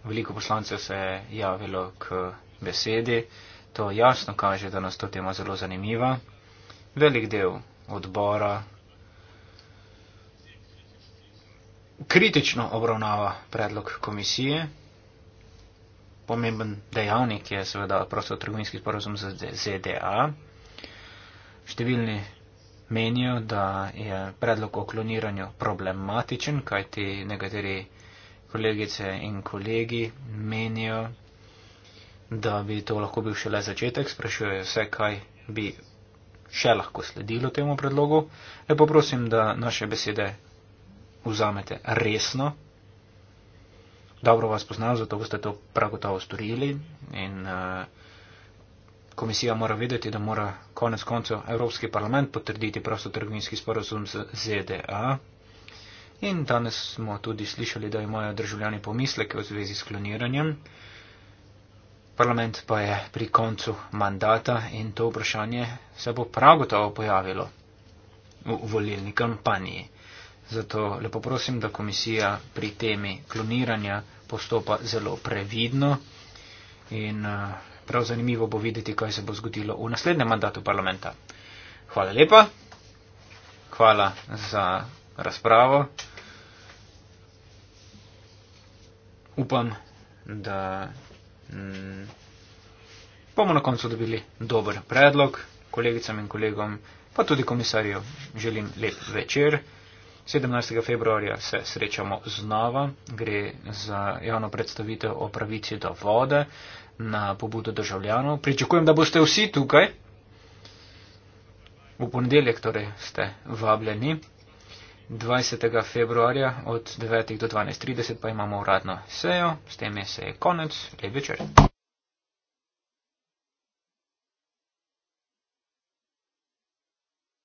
Veliko poslancev se je javilo k besedi, to jasno kaže, da nas to tema zelo zanimiva. Velik del odbora kritično obravnava predlog komisije. Pomemben dejavnik je seveda prostotrgovinski sporozum z ZDA. Številni menijo, da je predlog o kloniranju problematičen, kajti nekateri kolegice in kolegi menijo, da bi to lahko bil šele začetek, sprašujejo vse, kaj bi še lahko sledilo temu predlogu. Lepo prosim, da naše besede vzamete resno. Dobro vas poznam, zato boste to prav gotovo storili in eh, komisija mora vedeti, da mora konec koncev Evropski parlament potrditi prostotrgovinski sporozum z ZDA. In danes smo tudi slišali, da imajo državljani pomisleke v zvezi s kloniranjem. Uh, parlament pa je pri koncu mandata in to vprašanje se bo prav gotovo pojavilo v volilni kampanji. Zato lepo prosim, da komisija pri temi kloniranja postopa zelo previdno in eh, prav zanimivo bo videti, kaj se bo zgodilo v naslednjem mandatu parlamenta. Hvala lepa, hvala za razpravo. Upam, da Mm, bomo na koncu dobili dober predlog, kolegicam in kolegom, pa tudi komisarju želim lep večer. 17. februarja se srečamo znova, gre za javno predstavitev o pravici do vode na pobudo državljanov. Pričakujem, da boste vsi tukaj. V ponedeljek torej ste vabljeni. 20. februarja od 9. do 12.30 pa imamo uradno sejo. S tem je se konec. Lep večer.